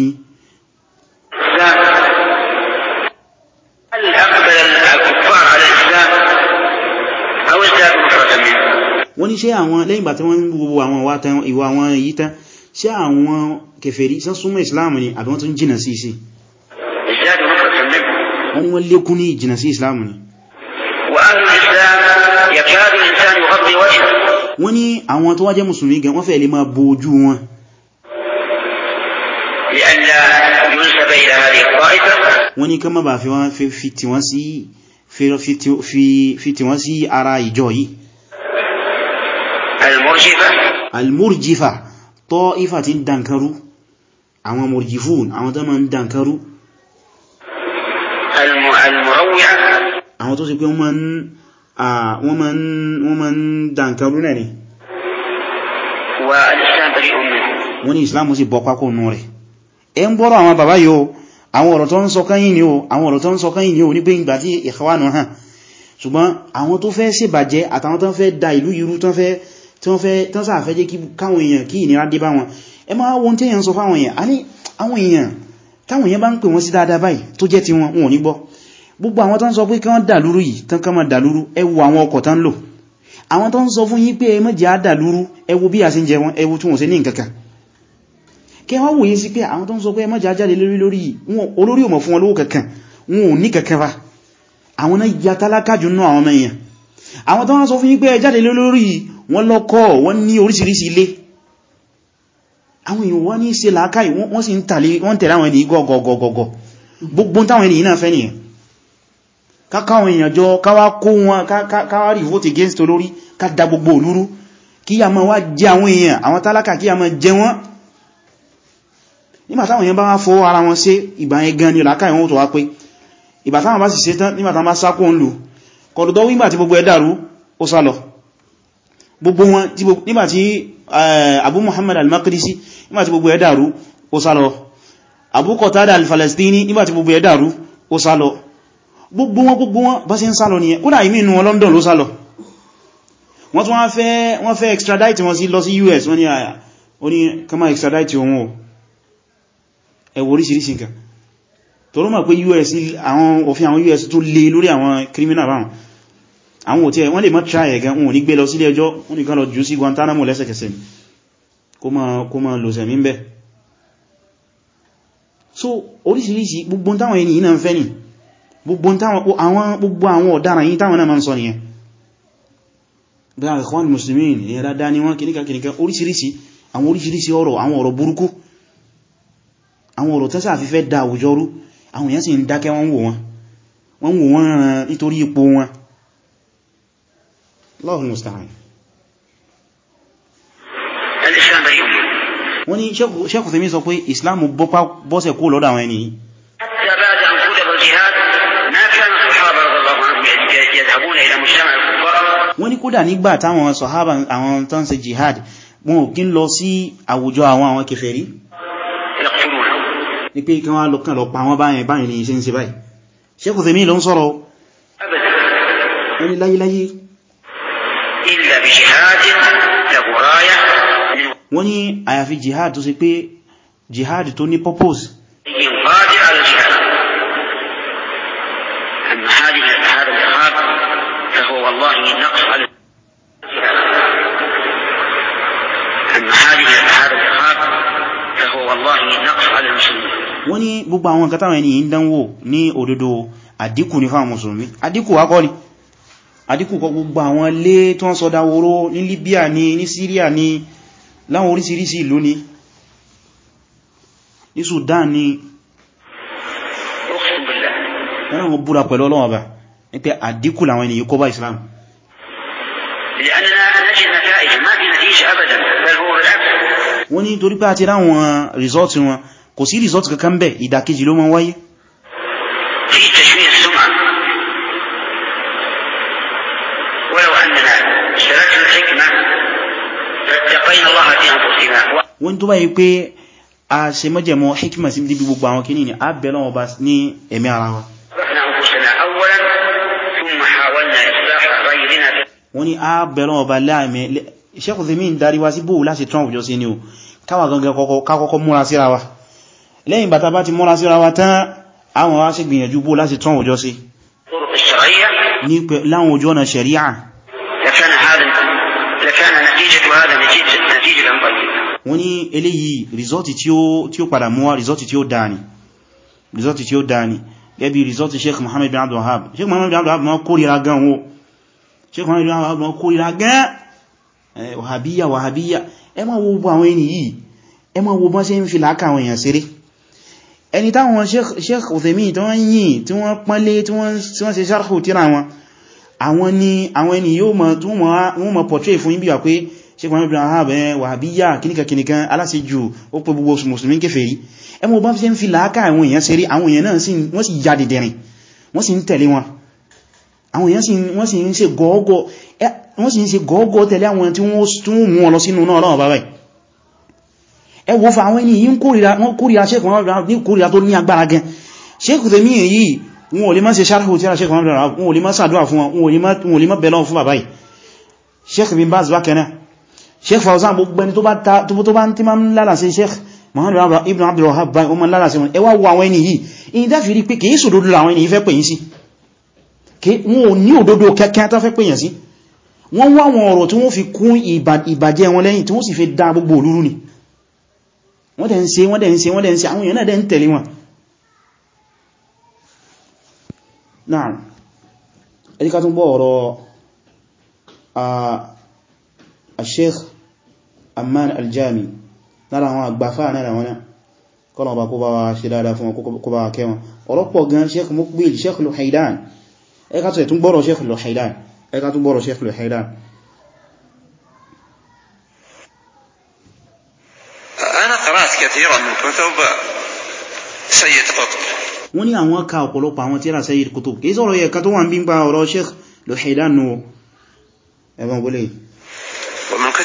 ṣé àwọn lẹ́yìn ìgbà tí wọ́n gbogbo àwọn ìwà àwọn yìí tán ṣé àwọn kèfèrí sán súnmọ́ islam ni àbí wọ́n tún jìnà sí sí wọ́n lékún ní ìjìnà sí islam ni wọ́n ní àwọn tó wá jẹ́ mùsùlùmí gan wọ́n fẹ́ lè máa bo ojú wọn wọ́n ní kán má bàá fi tí wọ́n sí ara ìjọ yìí almurjifa tọ́ífà ti dankaru àwọn murjifun àwọn tó ma ń dankaru àwọn tó sì pé wọ́n ma ń dankaru náà ni wọ́n ni islamu sì bọ́ pákó nù rẹ̀ ẹ ń bọ́rọ̀ àwọn bàbá yóò àwọn ọ̀rọ̀ tó ń sọ káyìn ni ó àwọn ọ̀rọ̀ tó ń sọ káyìn ni ó ní pé ìgbà tí ìkhwánù hàn ṣùgbọ́n àwọn tó fẹ́ ṣèbàjẹ́ àtàwọn tó fẹ́ da ìlú irú tó fẹ́ tí wọ́n fẹ́ tán sáà fẹ́ jẹ́ káwọn èèyàn kí ìnira dé bá wọn ẹ máa wọ́n tí èèyàn sọ fáwọn èèyàn a ní àwọn èèyàn táwọn èèyàn bá ń pè wọ́n sí dáadáa báyìí tó jẹ́ ti wọn wọn ò ní gbọ́ gbogbo àwọn tán sọ pé kí wọ́n dàlúrú yìí tán kán máa dàlúrú ẹ wo àwọn ọkọ̀ tán lò àwọn tán sọ fún yín pé àwọn tó wọ́n sọ fún yín pé ẹ jáde lórí wọ́n lọ́kọ́ wọ́n ní oríṣiríṣi ilé àwọn èèyàn wọ́n ní ṣe làákàí wọ́n sì ń tàlé wọ́n tẹ̀lé àwọn ènìyàn gọ́gọ́gọ́gọ́ gbogbo táwọn ènìyàn náà fẹ́ nìyàn against olórí ká da gbogbo olúrú kí a máa wá jẹ àwọn èèyàn àwọn tálákà kí a máa jẹ wọ́n nígbà táwọn èèyàn bá wá fọwọ́ ni làákàí wọn tó kọ̀dọ̀dọ̀ wígbà tí gbogbo ẹ̀ dàrú ó sá lọ gbogbo wọn nígbà tí eh, abu muhammad al-maqdisi nígbà tí gbogbo ẹ̀ ó sá lọ abu qatada al-falastini nígbà tí gbogbo ẹ̀ dàrú ó sá lọ gbogbo wọn gbogbo wọn bá ṣe ń sá nìyẹn kódà ìmí inú london ló sá lọ wọ́n tún wọ́n fẹ́ extradite wọn sí lọ sí us wọ́n ní kama extradite ohun o ẹwọ oríṣiríṣi nǹkan tó pé us àwọn òfin àwọn us tó lè lórí àwọn criminal báwọn àwọn òtí ẹ̀ wọ́n lè mọ́ tráyẹ̀ gan òun ní gbé lọ sílé ẹjọ́ wọ́n ní kán lọ jù sí Guantanamo lẹ́sẹ̀kẹsẹ̀ kó ma lò sẹ̀mí bẹ́ so oríṣiríṣi gbogbo táwọn ẹni yìí ń fẹ́ ni gbogbo àwọn ọ̀daràn yìí táwọn náà ma ń sọ nìyẹn bí i Muslimin ìyẹn dáadáa ni wọ́n kìníkà kìníkà oríṣiríṣi àwọn oríṣiríṣi ọ̀rọ̀ àwọn ọ̀rọ̀ burúkú àwọn ọ̀rọ̀ tẹ́sà fífẹ́ da àwùjọ rú àwọn èèyàn sì wọ́n wò wọ́n nítorí ipò wọn الله المستعان wọ́n ní ṣẹ́kù tèmí sọ pé ìsìláàmù bọ́sẹ̀ kó lọ́dọ̀ àwọn ẹni wọ́n ní kódà nígbà táwọn sọ̀hábà àwọn tán ṣe jihad wọn ò kí ń lọ sí àwùjọ àwọn àwọn kèfèrí ní pé kí wọ́n lọ kàn lọ pa wọ́n báyìí báyìí ní iṣẹ́ ń ṣe báyìí ṣẹ́kù tèmí ló ń sọ̀rọ̀ wọ́n ní láyíláyí wọ́n ní àyàfi jihad tó ṣe pé jihad tó ní purpose wọ́n ní gbogbo àwọn nǹkan táwọn ẹni yìí ń dánwò ní òdodo àdínkù ní fáwọn mùsùlùmí àdínkù wákọ́ àdíkùkọ gbogbo àwọn ilé tó ń sọdá oró ní Libya ní ní Syria ní láwọn orísìírísìí ìlú ní ní Sudan ní ẹ̀rọ̀n búra pẹ̀lú Ọlọ́run Ọba ní pé àdíkù làwọn ènìyàn kó Islam wọ́n ní torípé àti ráwọn rìsọ́ọ̀tì wọn kò sí rìsọ́ọ̀tì kankan bẹ̀ ìdàkejì ló máa wáyé wọ́n tó báyìí pé a ṣe mọ́jẹ̀mọ́ hikima sí níbi gbogbo àwọn kìíní ni a bẹ̀rẹ̀ wọn bá ní ẹ̀mí ara wa wọ́n ni a bẹ̀rẹ̀ wọn bá láàmì Sheikh Uthaymeen darí wá sí bóò láti trump jọ sí ni o káwà gangan kakọ́kọ́ múra síra wa lẹ́yìn bàtà bá ti múra trump jọ sí ní láwọn ojú wọ́n ní eléyìí rìsọ́tì tí ó padà mú wá rìsọ́tì tí ó dáa ni rìsọ́tì tí ó dáa gẹ́bí rìsọ́tì sheikh mohamed bin abdul wahab sheikh mohamed bin abdul wahab ma kórìíra gan wo sheikh mohamed bin abdul wahab ma kórìíra gan wàhábíyà wàhábíyà ẹ ma wo gbogbo àwọn ẹni yìí ẹ ma wo bọ́n ṣe ń sheikh uthemi tí wọ́n yìn tí wọ́n pọ́nlé tí wọ́n ṣe sharhu tíra wọn àwọn ni àwọn ẹni yóò sheik mohamed bin ahab ẹ̀ wàhábíyà kíníkà kíníkà aláṣejù ó pẹ gbogbo mùsùlùmí kèfèrí ẹ mọ́ bá fi ń fi làákà àwọn èèyàn ṣeré àwọn èèyàn náà wọ́n sì ya dìdìrìn wọ́n sì ń tẹ̀lé wọn àwọn èèyàn wọ́n sì ń ṣe gọ́ọ̀gọ́ tẹ̀lé àwọn tí wọ́n tún mú wọn lọ sínú náà náà báyìí ẹ wo fa àwọn ẹni yìí ń kórìíra sheik mohamed bin ahab ní kórìíra tó ní agbára gan sheik tèmi yìí wọn ò lè má ṣe sharhu tí a sheik mohamed bin ahab wọn ò lè má ṣàdúrà fún wọn wọn ò lè má bẹ̀lọ́ fún bàbá yìí sheikh Fawzan gbogbo ẹni tó bá ń tí ma ń lára sí sheikh Muhammad ibn Abdul Wahhab báyìí o ma ń lára sí wọn ẹwà wo àwọn ẹni yìí in dáfi rí pé kìí sòdodo àwọn ẹni yìí fẹ́ pè yín sí wọn ò ní òdodo kẹ́kẹ́ tó fẹ́ pè yín sí wọ́n wá wọn ọ̀rọ̀ tí wọ́n fi kún ìbàjẹ́ wọn lẹ́yìn tí wọ́n sì fi dá gbogbo olúrú ni wọ́n dẹ̀ ń ṣe wọ́n dẹ̀ ń ṣe wọ́n dẹ̀ ń ṣe àwọn èèyàn náà dẹ̀ ẹjíká tún bọ́ ọ̀rọ̀ ah, Sheikh amman aljami lára àwọn àgbàfà náà wọn kọ́nà ọba kó bá wa ṣe dáadáa fún kó bá wa kẹ́ wọn ọ̀rọ̀pọ̀ gan sheikh mukbil sheikh luhaidan ẹka tó ẹ̀tún gbọ́rọ̀ sheikh luhaidan ẹka tó gbọ́rọ̀ sheikh luhaidan ana qara'at kathiran kutuba sayyid qutb wọ́n ní àwọn ka ọ̀pọ̀lọpọ̀ àwọn tíra sayyid qutb kìí sọ̀rọ̀ yẹ ka tó wà ń bí ń bá ọ̀rọ̀ sheikh luhaidan nù ẹ̀bọ̀n gbọ́lẹ̀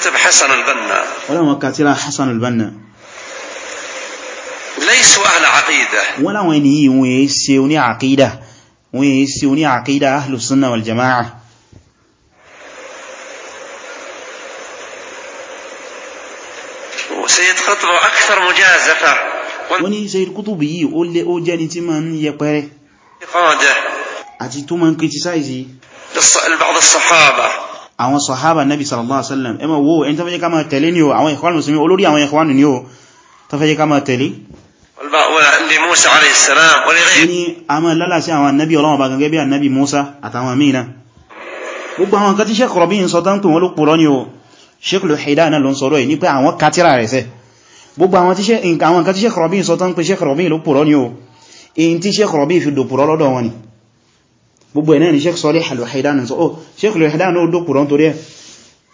كتب حسن البنا ولما كاتب حسن البنا ليسوا أهل عقيدة ولا هي ويسيوني عقيدة ويسيوني عقيدة أهل السنة والجماعة وسيد قطب أكثر مجازفة وني سيد قطبي يقول لي أوجاني تمان يقري قادة أتي تمان كريتيسايزي بعض الصحابة àwọn sahaba nabi sallallahu alaihi wasallam ẹ máa wò ẹni tó fẹ́ jẹ́ ká máa tẹ̀lé ni o àwọn ikhwan muslimin olórí àwọn ikhwan ni o tó fẹ́ jẹ́ ká máa tẹ̀lé ní a máa lálà sí àwọn annabi ọlọ́wọ́ bá gẹ́gẹ́ bí annabi Musa àtàwọn amina gbogbo àwọn kan tí Sheikh Rabi ń sọ tán tó wọ́n ló pùrọ́ ni o Sheikh Al-Hudaina náà ló ń sọ̀rọ̀ ni gbogbo ẹ̀ náà ni Sheikh Salih Al-Wahidani sọ oh, ó Sheikh Al-Wahidani ó dókùrọ̀ nítorí ẹ̀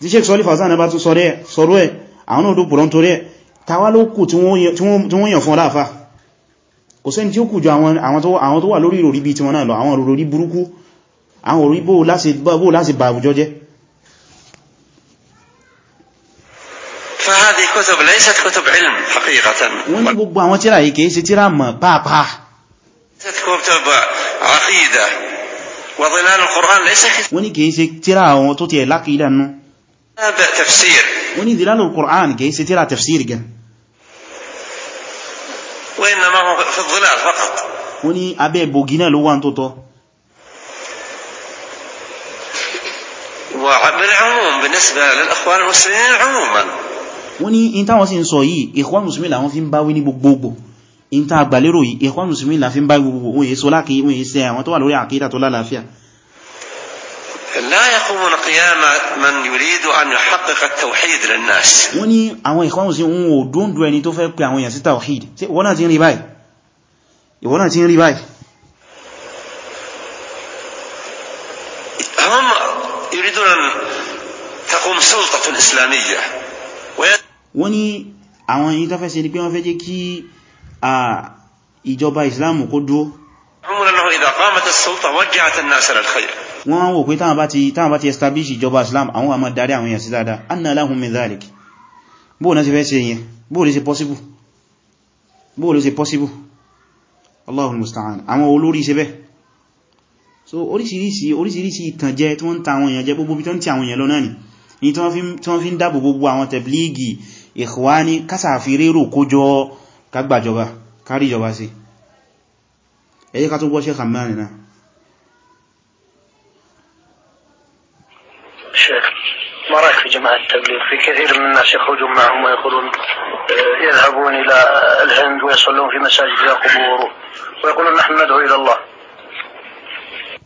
tí Sheikh Salih Fawzan bá tún sọ̀rọ̀ ẹ̀ àwọn náà dókùrọ̀ nítorí ẹ̀ tàwà ló kù tí wọ́n yàn fún láàfà kò sẹ́ni tí ó kù jù àwọn tó wà lórí ìròrí فهذه كتب ليست كتب علم حقيقة wọ́n ní gbogbo àwọn tíra yìí kìí ṣe tíra mọ̀ وظلال القرآن ليس wọ́n ní kìí ṣe tíra àwọn tó ti ẹ̀ lákìídà nú wọ́n ní ظلال القرآن kìí ṣe tíra tafsir gan هو في الظلال فقط wọ́n ní abẹ́ bògí náà ló wà tó tọ́ بالنسبة للأخوان المسلمين عموما wọ́n ní in táwọn sì ń sọ yìí Ikhwan Muslimin làwọn fi ń báwí ní gbogbogbò in ta gbàlérò yìí ikhwan muslimin la fi ń bá gbogbo wọn èso láàkí wọn èsẹ àwọn tó wà lórí àkídà tó lálàáfíà la yaqumuna qiyama man wọ́n ní àwọn ikhwan muslimin wọn ò ẹni tó fẹ́ pè àwọn èèyàn sí tawhid wọ́n náà يريدون أن سلطة إسلامية wọ́n ní àwọn èyí tó fẹ́ ṣe ni pé wọ́n fẹ́ jẹ́ kí ìjọba ìsìláàmù kó dúó wọ́n wò pé táwọn bá ti establish ìjọba islam àwọn àmà darí àwọn èèyàn sí dáadáa anna lahum min dhalik bóò náà ti fẹ́ ṣe yẹn bóò lè ṣe possible bóò lè ṣe possible allahul musta'an àwọn olórí ṣe bẹ́ so oríṣiríṣi oríṣiríṣi ìtànjẹ tí wọ́n ta àwọn èèyàn jẹ gbogbo bí tó ń ti àwọn èèyàn lọ náà kágbàjọba kárí ìjọba sí ẹ jẹ́ ká tó gbọ́ Sheikh Hamdan náà في جماعه التبليغ؟ في كثير من الناس يخرجون معهم ويقولون يذهبون الى الهند ويصلون في مساجد ذا قبور ويقولون نحن ندعو الى الله.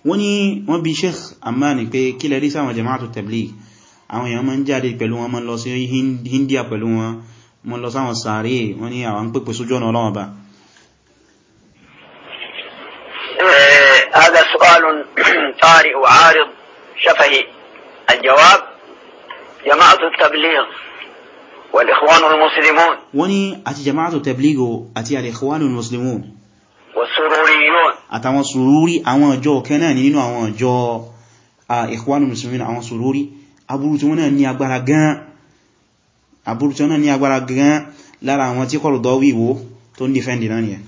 wọ́n ní wọ́n bí Sheikh Hamdan pé kí lẹ́rí sáwọn jama'atu tabligh àwọn èèyàn máa ń jáde pẹ̀lú wọn máa lọ sí India pẹ̀lú wọn wọ́n lọ sáwọn sàárè wọ́n ní àwọn pèpè sójú ọ̀nà Ọlọ́run Ọba هذا سؤال طارئ وعارض شفهي الجواب جماعة التبليغ والإخوان المسلمون وني أتي جماعة التبليغ أتي الإخوان المسلمون والسروريون أتوا سروري أوان جو كنان نينو أوان جو إخوان المسلمين أوان سروري aburú tí wọ́n náà ní agbára gan àbúrútí ọ̀nà ní agbára gan lára àwọn tí kọ̀rọ̀ dọ́wí ìwò tó ń dìfẹ́ndì náà nìyẹn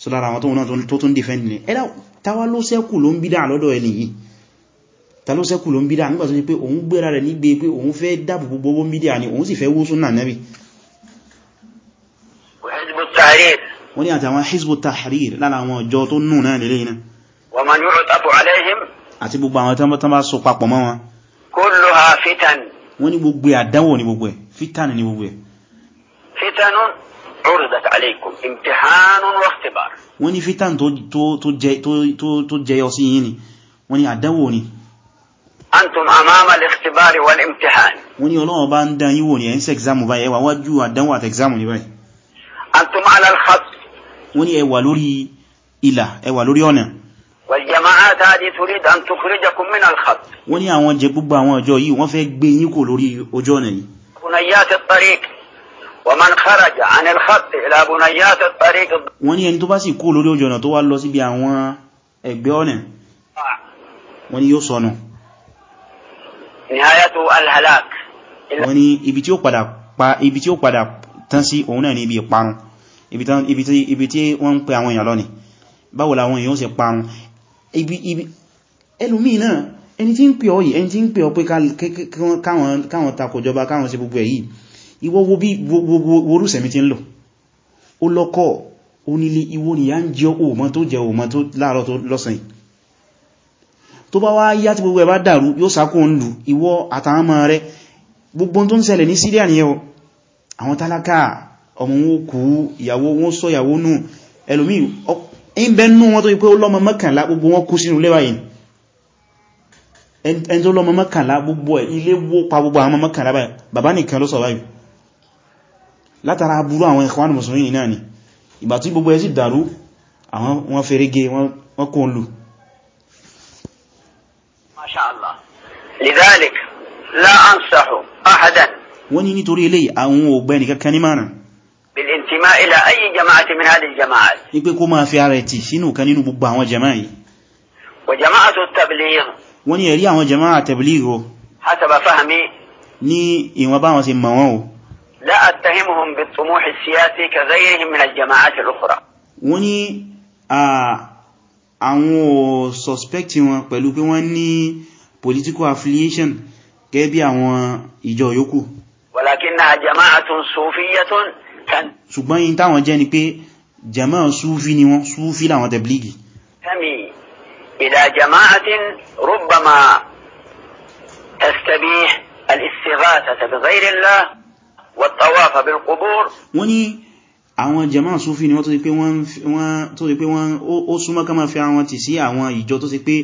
so lára àwọn tó tún dìfẹ́ndì ní ẹ̀dà tàwà ló sẹ́kù ló ń bídá lọ́dọ̀ ẹni yìí ta ló sẹ́kù ló ń bídá nígbà tó ní pé òun gbéra rẹ̀ nígbé pé òun fẹ́ dáàbò gbogbo bídá ni òun sì fẹ́ wó súnà nẹ́bì wọ́n ni àtàwọn hizbu tahrir lára àwọn ọjọ́ tó nù náà lélẹ́ iná àti gbogbo àwọn tán bá so papọ̀ mọ́ wọn kulluha fitan wọ́n ni gbogbo ni gbogbo ẹ̀ fítànì ní gbogbo ẹ̀ fítànù uridat alaykum imtihanun wa ikhtibar wọ́n ní fítànù tó jẹyọ sí yìí ni wọ́n ní àdánwò ni antum amama al-ikhtibari wal imtihan wọ́n ní Ọlọ́run bá ń dán yín wò ní ẹ̀ ń ṣe exam báyìí ẹ wà wájú àdánwò àti exam ní báyìí antum ala al-khat wọ́n ní ẹ wà lórí ìlà ẹ wà lórí ọ̀nà والجماعات هذه تريد أن تخرجكم من الخط wọ́n ní àwọn jẹ gbogbo àwọn ọjọ́ yìí wọ́n fẹ́ gbé yín kò lórí ojú ọ̀nà yìí بنيات الطريق ومن خرج عن الخط إلى بنيات الطريق wọ́n ní ẹni tó bá sì kú lórí ojú ọ̀nà tó wá lọ síbi àwọn ẹgbẹ́ ọ̀nà wọ́n ní yóò sọnù nihayatu al-halak wọ́n ní ibi tí ó padà pa ibi tí ó padà tán sí òun náà ní ibi ìparun ibi tí wọ́n ń pe àwọn èèyàn lọ ní báwo làwọn èèyàn ó ṣe parun ẹlòmíì náà ẹni tí ń pè ọ yìí ẹni tí ń pè ọ pé káwọn takòjọba káwọn ṣe gbogbo èyí ìwọ wo bí orúsẹ̀mí ti ń lò ó lọ́kọ́ ó nílé ni ya ń jẹ òmọ́ tó jẹ òmọ́ tó láàárọ̀ tó lọ́sàn tó bá wá yá tí gbogbo ẹ bá dàrú yóò sákó ń lù ìwọ àtàwọn ọmọ rẹ gbogbo tó ń ṣẹlẹ̀ ní Syria ni ẹwọ àwọn tálákà ọmọ wọn kú ìyàwó wọn sọ ìyàwó nù ẹlòmí ń wọn tó yí pé ó lọ́mọ mọ́kànlá gbogbo wọn kú sínú lẹ́wàá yìí ẹni tó lọ́mọ mọ́kànlá gbogbo ẹ̀ ilé wó pa gbogbo àwọn mọ́kànlá báyìí bàbá nìkan ló survive látara aburú àwọn Ikhwan Muslimin náà ni ìgbà tí gbogbo ẹ̀ sì dàrú àwọn wọn fèrègé wọn kò lù Masha Allah lidhalik la ansahu ahadan wọ́n ní nítorí eléyìí àwọn ògbẹ́ni kankan ní márùn bilintima ila ayi jama'ati min hadhihi al-jama'at ní pé kó máa fi ara ẹ̀tì sínú kan nínú gbogbo àwọn jama'a yìí wọ́n ní ẹ̀rí àwọn jama'a tabligh o hasaba fahmi ní ìwọ̀n bá wọn ṣe mọ̀ wọ́n o la attahimuhum affiliation gẹ́gẹ́ bí àwọn ìjọ yòókù walakinnaha jama'atun sufiyyatun kan ṣùgbọ́n yìí táwọn jẹ́ ni pé jama'a sufi ni wọ́n sufi láwọn tabligh إلى جماعة ربما تستبيح الاستغاثة بغير الله والطواف بالقبور وني àwọn jama'a sufi ni wọ́n tó ti pé wọ́n tó ti pé wọ́n ó súnmọ́ ká máa fi àwọn ti sí àwọn ìjọ tó ti pé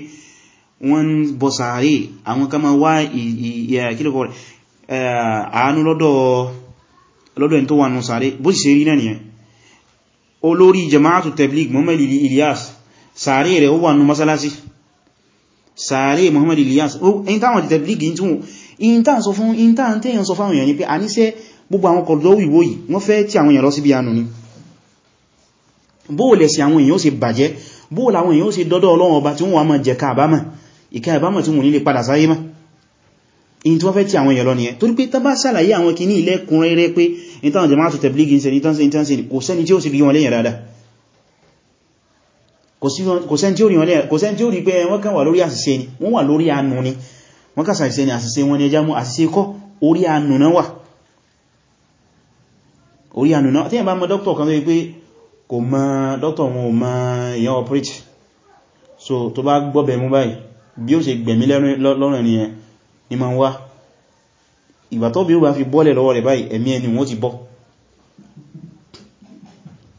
wọ́n bọ̀ sàárè àwọn ká máa wá ìyàkílùkọ̀ rẹ̀ àánú lọ́dọ̀ ẹni tó wà nù sàárè bó sì ṣe rí náà nìyẹn olórí jama'atu tabligh Muhammad Ilyas sàárè rẹ̀ ó wà nù mọ́sálásí sàárè Muhammad Ilyas in táwọn tẹ̀blígì tí wọ́n in tàn sọ fún in tàn tẹ́yàn sọ fáwọn èèyàn ni pé a ní sẹ́ gbogbo àwọn kọlọ́wì wòyí wọ́n fẹ́ tí àwọn èèyàn lọ sí bí anù ni bóòlẹ̀ sí àwọn èèyàn ó ṣe bàjẹ́ bóòlẹ̀ àwọn èèyàn ó ṣe dọ́dọ̀ Ọlọ́run ọba tí wọ́n wà mọ̀ jẹ̀ka àbámọ̀ ìka àbámọ̀ tí wọ́n nílé padà sáyé in tí wọ́n fẹ́ tí àwọn èèyàn lọ nìyẹn torí pé tán bá sàlàyé àwọn kìíní ilẹ́kùnrẹ́rẹ́ pé in táwọn jẹ́ máa tó tẹ̀blígì ń tán sí kò sẹ́ni tí ó sì rí wọn lẹ́yìn dáadáa kò sẹ́n tí ó rí pé wọ́n kàn wà lórí àṣìṣe ni wọ́n wà lórí ànù ni wọ́n kà sàṣìṣe ni àṣìṣe wọn ni ẹjá mú àṣìṣe kọ́ orí ànù náà wà bá mọ́ dókítọ̀ kan tó pé kò mọ́ dókítọ̀ wọn mọ́ èyàn operate so tó bá gbọ́bẹ̀ mú báyìí bí ni ma ń wá ìgbà tó bí ó bá fi bọ́lẹ̀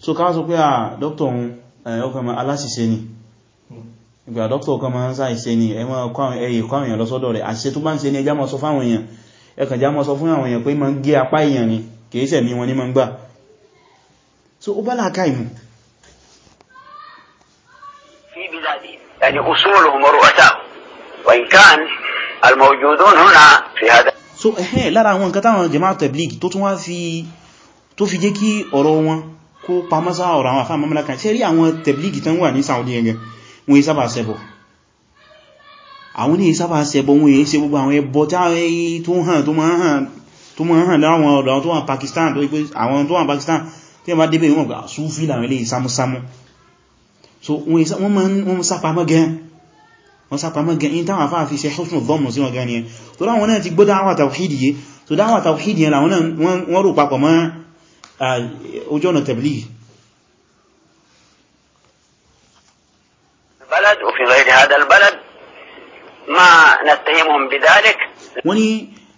so ká sọ pé Eh, ọkàmà aláṣìṣẹ́ ni hmm. ìgbà dókítà ọkàmà ń sáà ìṣẹ́ ni ẹmọ́ ẹ̀yẹ kọ́ àwọn èèyàn lọ́sọ́dọ̀ rẹ̀ àṣẹ tó bá ń ṣe ní ẹjá mọ́ sọ fáwọn èèyàn ẹkàn já mọ́ sọ fún àwọn èèyàn pé ma ń gé apá èèyàn ni kìí sẹ̀ mí wọn ní ma ń gbà so ó bá láàká ìmù so ẹ̀hẹ́ lára àwọn nǹkan táwọn jẹ́mà tẹ̀blík tó tún wá fi tó fi jẹ́ kí ọ̀rọ̀ wọn kó pamọ́ sáà ọ̀rọ̀ àwọn àfáà mamlaka ṣe rí àwọn tẹ̀blígì tán wà ní Saudi ẹgbẹ̀ wọ́n yí sábà ṣẹbọ àwọn ní sábà ṣẹbọ wọ́n yí ṣe gbogbo àwọn ẹbọ tó hàn tó máa hàn láwọn ọ̀dọ̀ Pakistan tó ipé àwọn Pakistan tí wọ́n bá débẹ̀ wọ́n gbà ah, súfí làwọn ilé so wọ́n sápamọ́ gan wọ́n sápamọ́ gan in táwọn afáà fi ṣe husnu dhọ́mù sí wọn gan ni ẹ tó láwọn náà ti gbọ́dá àwà tàwíìdì yẹ tó dáwà tàwíìdì yẹ làwọn náà wọ́n rò papọ̀ Uh, ojú ọ̀nà tabligh wọ́n ní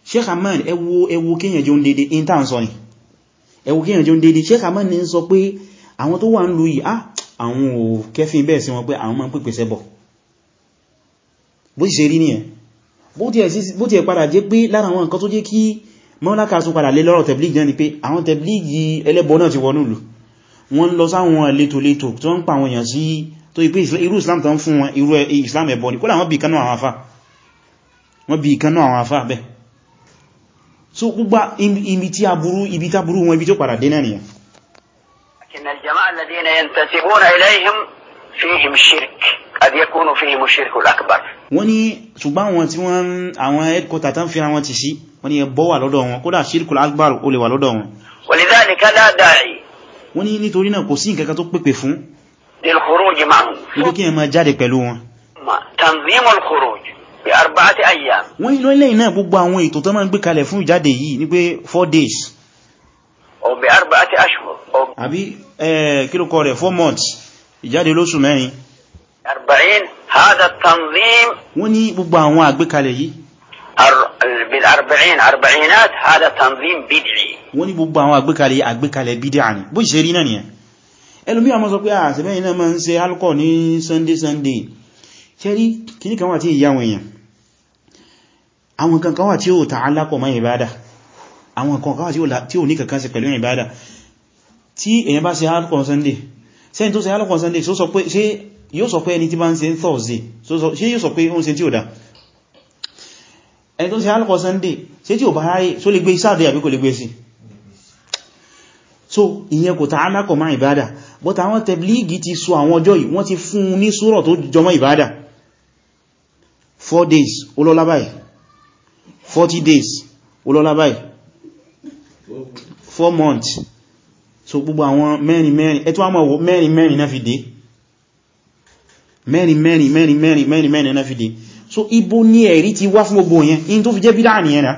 Sheikh Hamad ẹwọ kíyànjú ń dédé in tàn sọ ni ẹwọ kíyànjú ń dédé Sheikh Hamad ní sọ pé àwọn tó wà ń lú yìí á ah, àwọn ò kẹfin bẹ́ẹ̀ sí wọn pé àwọn máa ń pèpè sẹ́bọ̀ bó ti ṣe rí nìyẹn bó ti ẹ̀ padà jẹ́ pé lára àwọn nǹkan tó jẹ́ kí mọ́láka sún padà lé lọ́rọ̀ tẹ̀blígì náà ni pé àwọn tẹ̀blígì ẹlẹ́bọ náà ti wọnú ìlú wọ́n lọ sáwọn lẹ́tọ̀lẹ́tọ̀ tó ń pa àwọn èèyàn sí tó ipé irú islam tán fún irú islam ẹbọ ní kódà wọ́n bí ìkanú àwọn afá bẹ́ so gbogbo ibi tí aburú ibi tí aburú wọn ibi tó padà dé nìyàn wọ́n ní ṣùgbọ́n àwọn tí wọ́n àwọn headquarter tán fi àwọn ti sí wọ́n ní ẹbọ wà lọ́dọ̀ wọn kódà shirkul akbar ó lè wà lọ́dọ̀ wọn walidhalika la da'i wọ́n ní nítorí náà kò sí nǹkankan tó pèpè fún lil khuruj ma'hum days aw bi arba'ati ashhur àbí kí ló kọ months ìjáde lóṣù mẹ́rin 40 hada tanzim wọ́n ní gbogbo àwọn àgbékalẹ̀ yìí بالأربعين أربعينات هذا تنظيم بدعي وني ní gbogbo àwọn àgbékalẹ̀ àgbékalẹ̀ bídíà ni bó ṣe rí náà ni ẹ̀ ẹlùmí àmọ́ sọ pé àṣẹ́bẹ̀ iná ma ń ṣe alkọ̀ ní sunday sunday kẹrí kìní kan wà tí ìyá àwọn èèyàn àwọn kankan wà tí ó ta alákọ̀ mọ́ ìbádà àwọn kankan wà tí ó ní kankan ṣe pẹ̀lú ìbádà tí èèyàn bá ṣe alkọ̀ sunday sẹ́yìn tó ṣe alkọ̀ sunday yóò sọ pé ẹni tí bá ń ṣe thursday ṣé yóò sọ pé ó ń ṣe tí ó dáa ẹni tó ṣe alkọ̀ sunday ṣe tí ò bá ráyè só lè gbé sáàdẹ̀ àbí kò lè gbé sí so ìyẹn kò tàà lákọ̀ máa ìbádà but àwọn tẹ̀blígì ti so àwọn ọjọ́ yìí wọ́n ti fún ní súrọ̀ tó jọmọ́ ìbádà 4 days olóla báyìí 40 days olóla báyìí 4 months so gbogbo àwọn mẹ́rin mẹ́rin ẹ̀tọ́ àmọ́ mẹ́rin mẹ́rin náà fi dé mẹ́rin mẹ́rin mẹ́rin mẹ́rin mẹ́rin náà fi dé so ibo ni ẹ̀rí ti wá fún gbogbo yẹn in tó fi jẹ́ bídá nìyẹn náà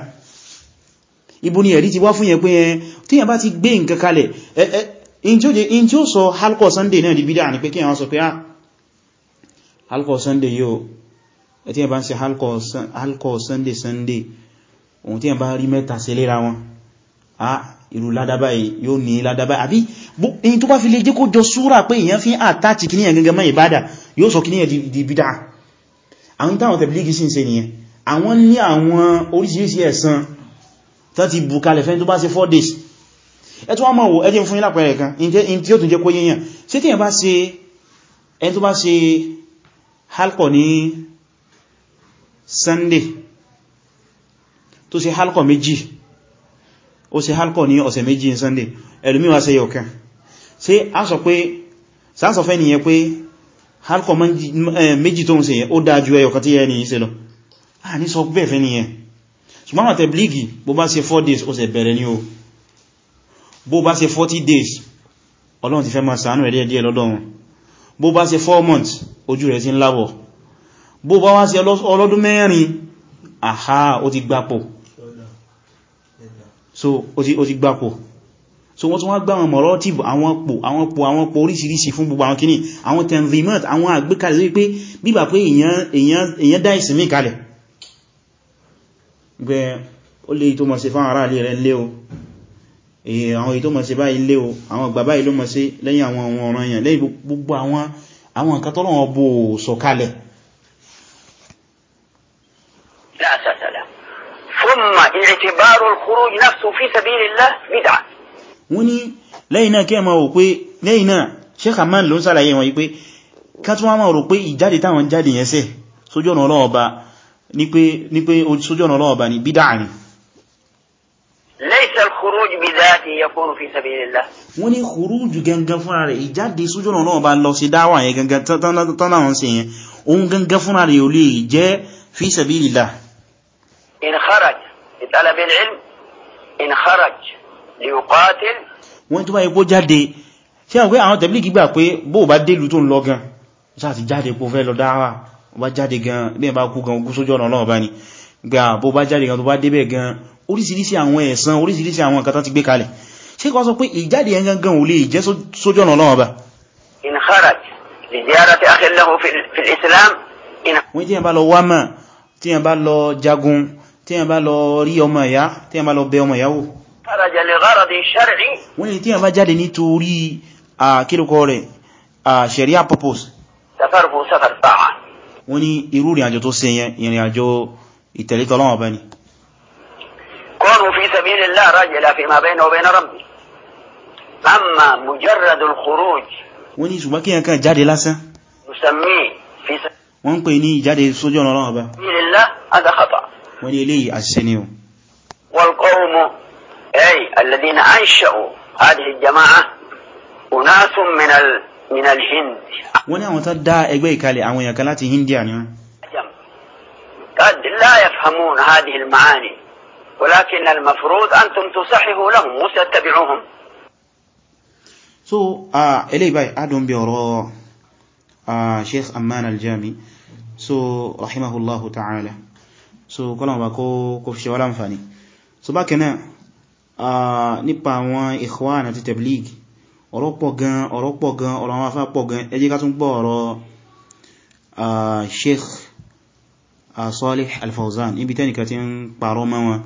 ibo ni ẹ̀rí ti wá fún yẹn pé yẹn eh, tí yẹn bá ti gbé nǹkan kalẹ̀ eh, eh, in tí ó sọ halkọ̀ sunday náà di bídá ní pé kí yẹn sọ pé ah, halkọ̀ sunday yóò tí yẹn bá ń ṣe halkọ̀ sunday sunday ohun tí yẹn bá rí mẹ́ta sí léra wọn a ah, irú ládàbà yóò ní ládàbà àbí in tó bá fi lè jẹ́ kó jọ súra pé èyàn fi àtàtì kìníyàn gẹ́gẹ́ mọ́ ìbádà yóò sọ kìníyàn di bídá àwọn táwọn tẹ̀blígì sí ń ṣe nìyẹn àwọn ní àwọn oríṣiríṣi ẹ̀san tán ti bù kalẹ̀ fẹ́ tó bá ṣe 4 days ẹ̀tọ́ wọ́n mọ̀ wò ẹjẹ́ fún ilá pẹ̀rẹ̀ kan in tí ó tún jẹ́ kó yíyàn sí tí ẹ̀ bá ṣe halkọ̀ ní Sunday tó ṣe halkọ̀ méjì ó ṣe halkọ̀ ní ọ̀sẹ̀ méjì ní Sunday ẹlòmíwá ṣe yọ̀kan sí a sọ pé sáàsọ̀fẹ́ nìyẹn pé harkọ eh, méjì tó ń ṣe yẹn ó dájú ẹyọ kan tí yẹ ní ìṣẹ́lọ a ní sọ bẹ́ẹ̀ fẹ́ nìyẹn ṣùgbọ́n àwọn tẹ̀blígì bó bá ṣe 4 days ó ṣe bẹ̀rẹ̀ ní o bó bá ṣe 40 days ọlọ́run ti fẹ́ máa ṣàánú rẹ̀ díẹ̀díẹ̀ lọ́dọ̀ wọn bó bá ṣe 4 months ojú rẹ̀ ti ń láwọ̀ bó bá wá ṣe ọlọ́dún mẹ́rin àhá ó ti gbapò so ó ti gbapò so wọ́n tún wá gbá àwọn mọ̀rọ́tìbù àwọn pò àwọn pò àwọn pò oríṣiríṣi fún gbogbo àwọn kìíní àwọn tenzimat àwọn àgbékalẹ̀ wípé bíbà pé èyàn dá ìsinmi kalẹ̀ gbẹ ó lè tó mọ̀ sí fáwọn ará ilé rẹ̀ lé o àwọn èyí tó mọ̀ sí báyìí lé o àwọn gbà báyìí mọ̀ sí lẹ́yìn àwọn ọ̀ràn èèyàn lẹ́yìn gbogbo àwọn àwọn nǹkan tọ́lọ́wọ́ bò sọ kalẹ̀ لا أساس له ثم اعتبار الخروج نفسه في سبيل الله بدعة wọ́n ní lẹ́yìn náà kẹ́ẹ̀mọ́ wò pé lẹ́yìn náà Sheikh Hamad ló ń sàlàyé wọn pé kátúwà máa rò pé ìjáde táwọn jáde yẹn sẹ́ sójú ọ̀nà ọlọ́ọ̀ba ní pé sójú ọ̀nà ọlọ́ọ̀ba ni bídà wọ́n ní khuruju gangan fúnra rẹ̀ ìjáde sójú ọ̀nà ọlọ́ọ̀ba lọ sí dáwà yẹn gangan tánàwọn sí yẹn ohun gangan fúnra rẹ̀ ò lè jẹ́ fi sabilillah in in kharaj liyuqatil wọ́n tó bá ipò jáde ṣe àwọn pé àwọn tẹ̀blíkì gbà pé bó bá délù tó ń lọ gan sáà ti jáde pò fẹ́ lọ dáwà bá jáde gan bí bá kú gan ogún sójú ọ̀nà Ọlọ́run bá ní gbà bó bá jáde gan tó bá débẹ̀ gan oríṣiríṣi àwọn ẹ̀san oríṣiríṣi àwọn nǹkan tán ti gbé kalẹ̀ tí yẹn bá lọ wá jagun tí yẹn bá lọ rí ọmọ ìyá tí yẹn bá lọ bẹ ọmọ ìyàwó kharaja li gharadin shar'i wọ́n ni tí a bá jáde nítorí àkílùkọ rẹ̀ sharia purpose safaruhu safar ta'a wọ́n ni irú ìrìnàjò tó ṣe yẹn ìrìnàjò ìtẹ̀lẹ́tọ̀ Ọlọ́run ọba ni kọ́nù fi sabilillah rajala fi ma bayna wa bayna wọ́n ni pè ní ìjáde sójú ọ̀nà Ọlọ́run wọ́n ni eléyìí àṣìṣe ni o wal qawmu أي الذين أنشأوا هذه الجماعة أناس من ال... من الهند wọ́n ní àwọn tó dá ẹgbẹ́ ìkalẹ̀ àwọn èèyàn kan láti India ni wọ́n قد لا يفهمون هذه المعاني ولكن المفروض أنتم تصححوا لهم وتتبعوهم so eléyìí báyìí adùn bí ọ̀rọ̀ Sheikh Amman al-Jami so rahimahullahu ta'ala so kọ́lọ̀mọ̀bá kó fi ṣe wọ́n láǹfàní so bákanáà nípa àwọn ikhwan àti tabligh ọ̀rọ̀ pọ̀ gan ọ̀rọ̀ pọ̀ gan ọ̀rọ̀ àwọn afá pọ̀ gan ẹ jẹ́ ká tún gbọ́ ọ̀rọ̀ sheikh Salih Al Fawzan níbi tẹ́nìkà ti ń parọ́ mọ́ wọn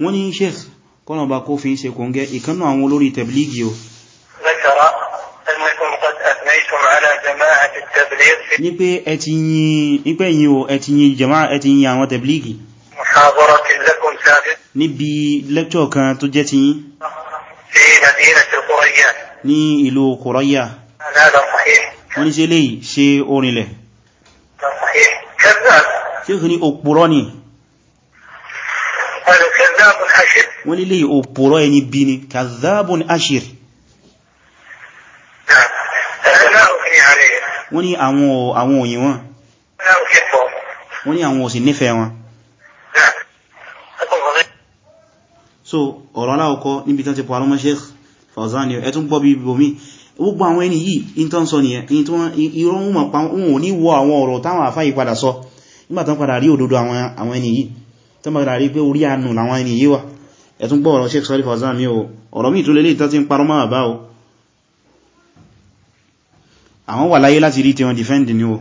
wọ́n ní sheikh kọ́nà bá kó fi ń ṣe kòǹgẹ́ ìkánnà àwọn olórí tabligh yìí أنكم قد أثنيتم على جماعة التبليغ ní pé ẹ ti yìn ní pé ẹ̀yin o ẹ ti yìn jama'a ẹ ti yìn àwọn tẹ̀blígì محاضرة لكم سابق níbi lecture kan tó jẹ́ ti yín في مدينة القرية ní ìlú Qurayya هذا صحيح wọ́n ní ṣe léyìí ṣe orinlẹ̀ صحيح كذاب ṣe ní òpùrọ́ ni هذا كذاب عشر wọ́n ní léyìí òpùrọ́ ẹni bí ni كذاب عشر wọ́n ní àwọn òyìn wọn wọ́n ní àwọn òsì nífẹ̀ẹ́ wọn so ọ̀rọ̀ aláwọ̀kọ́ níbi tán ti pọ̀ alọ́mọ́ Sheikh Fawzan ẹ̀tún gbọ́ bí bomi gbogbo àwọn ẹni yìí in tán sọ nìyẹn in tí wọ́n irọ́ wọn pa wọn ò ní wọ àwọn ọ̀rọ̀ táwọn àfá yìí padà sọ nígbàtán padà rí òdodo àwọn ẹni yìí tán padà rí pé orí àánú làwọn ẹni yìí wà ẹ̀tún gbọ́ ọ̀rọ̀ Sheikh Salih Fawzan mi ò ọ̀rọ̀ mi tó lélẹ́ ìtọ́ ti ń parọ́ máa bá o àwọn wà láyé láti rí tí wọ́n defend ni o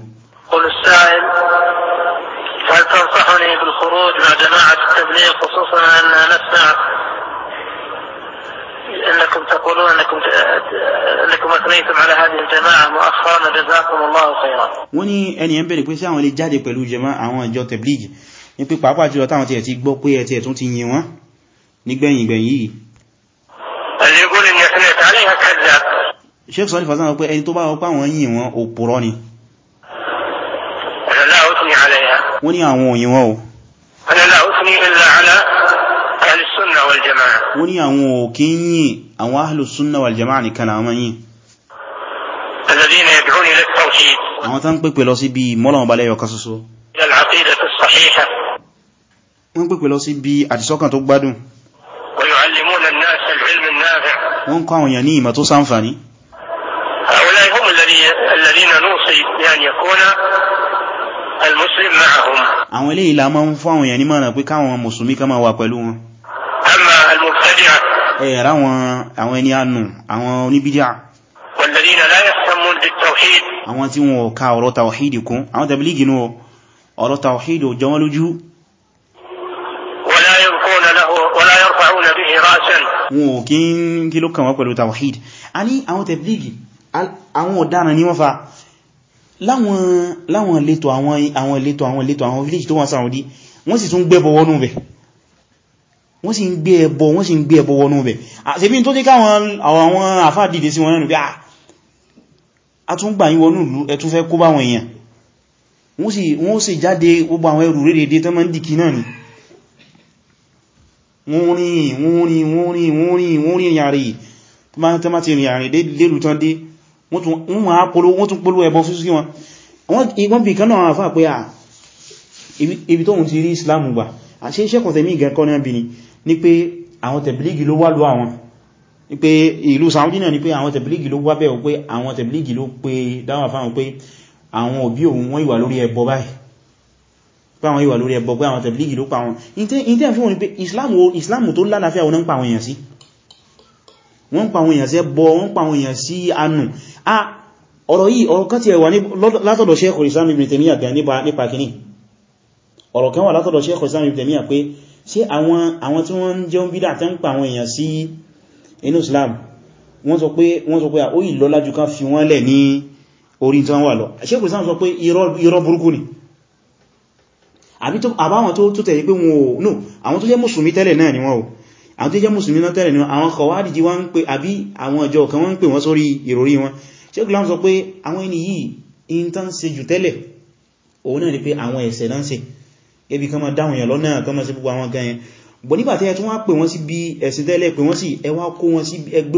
تقولون انكم انكم اثنيتم على هذه الجماعه مؤخرا جزاكم الله خيرا wọ́n ní ẹni en bẹ̀rẹ̀ pé ṣé àwọn lè jáde pẹ̀lú jama àwọn ìjọ tabligh ní pé pàápàá jùlọ táwọn tí ẹ ti gbọ́ pé ẹ ti ẹ tún ti yìn wọ́n nígbẹ̀yìn yìí sheik sọ́lẹ̀ fàzánà pé ẹni tó bá ọpá wọn yìn wọn òpùrọ́ ni wọ́n ní àwọn òyìn wọn o wọ́n ní àwọn òkè yìn àwọn ahlùsúnnà wàljama'a nìkan na wọ́n yìn àwọn tán pèpè lọ sí bí mọ́lọ̀wọ̀n balẹ̀ yọ kasoso wọ́n pèpè lọ sí bí àdìsọ́kàn tó gbádùn wọ́n kọ́ àwọn èèyàn ní ìmọ̀ tó ṣàǹfààní المسلم معهم àwọn eléyìí la máa ń fún àwọn èèyàn ní mọ̀ràn pé káwọn mùsùlùmí kan máa wà pẹ̀lú wọn amma al-mubtadi'a ẹ̀rá àwọn ẹni ànù àwọn oníbídíà walladhina la yahtamun bit-tawhid àwọn tí wọn ò ka ọ̀rọ̀ tawhid kún àwọn tàbílígì nù ọ̀rọ̀ tawhid ò jọ lójú wala ò kí ń kí ló kàn wọ́n pẹ̀lú tawhid a ní àwọn tàbílígì àwọn ọ̀daràn ni wọ́n fa láwọn ìletò àwọn ìletò àwọn ìletò àwọn village tó wà Saudi wọ́n sì tún gbẹ́bọ wọnú bẹ̀ wọ́n sì ń gbé ẹbọ wọ́n sì ń gbé ẹbọ wọnú bẹ̀ àṣẹ́bí tó jẹ́ káwọn àwọn àfáà dìde sí wọn nínú pé a tún gbà yín wọnú ìlú ẹ tún fẹ́ kó báwọn èèyàn wọ́n sì jáde gbogbo àwọn ẹrù rédèdè wọ́n ma polo wọ́n tún polo ẹbọ fún sí wọn wọ́n bí kanáà àwọn àfáà pé à ibi tóhun ti rí islam gbà àṣẹ iṣẹ́kùn tẹ̀mí ìgẹ̀kọ́ ní àbìní ní pé àwọn tẹ̀blígì ló wà ló àwọn ní pé ìlú Saudi náà ní pé àwọn tẹ̀blígì ló wà bẹ́ẹ̀ pé àwọn tẹ̀blígì ló pé dáwà fáwọn pé àwọn òbí òun wọ́n ìwà lórí ẹbọ báyìí pé àwọn ìwà lórí ẹbọ pé àwọn tẹ̀blígì ló pa wọn èèyàn sí ẹbọ wọ́n ń èèyàn sí anù a ah, ọ̀rọ̀ yìí ọ̀rọ̀ kan ti ẹ̀wà látọ̀dọ̀ Sheikhul Islam Ibn Taymiyyah gan nípa kìíní ọ̀rọ̀ kan wà látọ̀dọ̀ Sheikhul Islam Ibn Taymiyyah pé ṣé àwọn tí wọ́n jẹ́ ń bídà tẹ́ ń pa àwọn èèyàn sí inú Islam wọ́n sọ pé wọ́n sọ pé ó ìlọ́lá jù ká fi wọ́n lẹ̀ ní orí tí wọ́n wà lọ no àwọn tó jẹ́ mùsùlùmí àwọn tó jẹ́ mùsùlùmí náà tẹ́lẹ̀ ni àwọn kọwàdìí wọ́n ń pè àbí àwọn ọjọ́ kan wọ́n ń pè wọ́n sórí ìròrí wọn ṣe gùlám sọ pé àwọn ẹni yìí in tán ṣe jù tẹ́lẹ̀ òun náà ni pé àwọn ẹ̀ṣẹ̀ náà ṣe ebi kan máa dáhùn yàn lọ́nà kan máa ṣe gbogbo àwọn gan yẹn bọ̀ nígbà tẹ́yẹ tí wọ́n pè wọ́n sí bí ẹ̀sìn tẹ́lẹ̀ pè wọ́n sí ẹwà kó wọn sí ẹgbé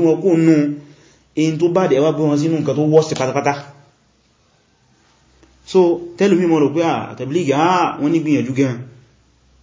so tẹ́lùmí mọ́ rò pé àtẹ̀blígì ah, àà ah, wọ́n ní gbìyànjú gan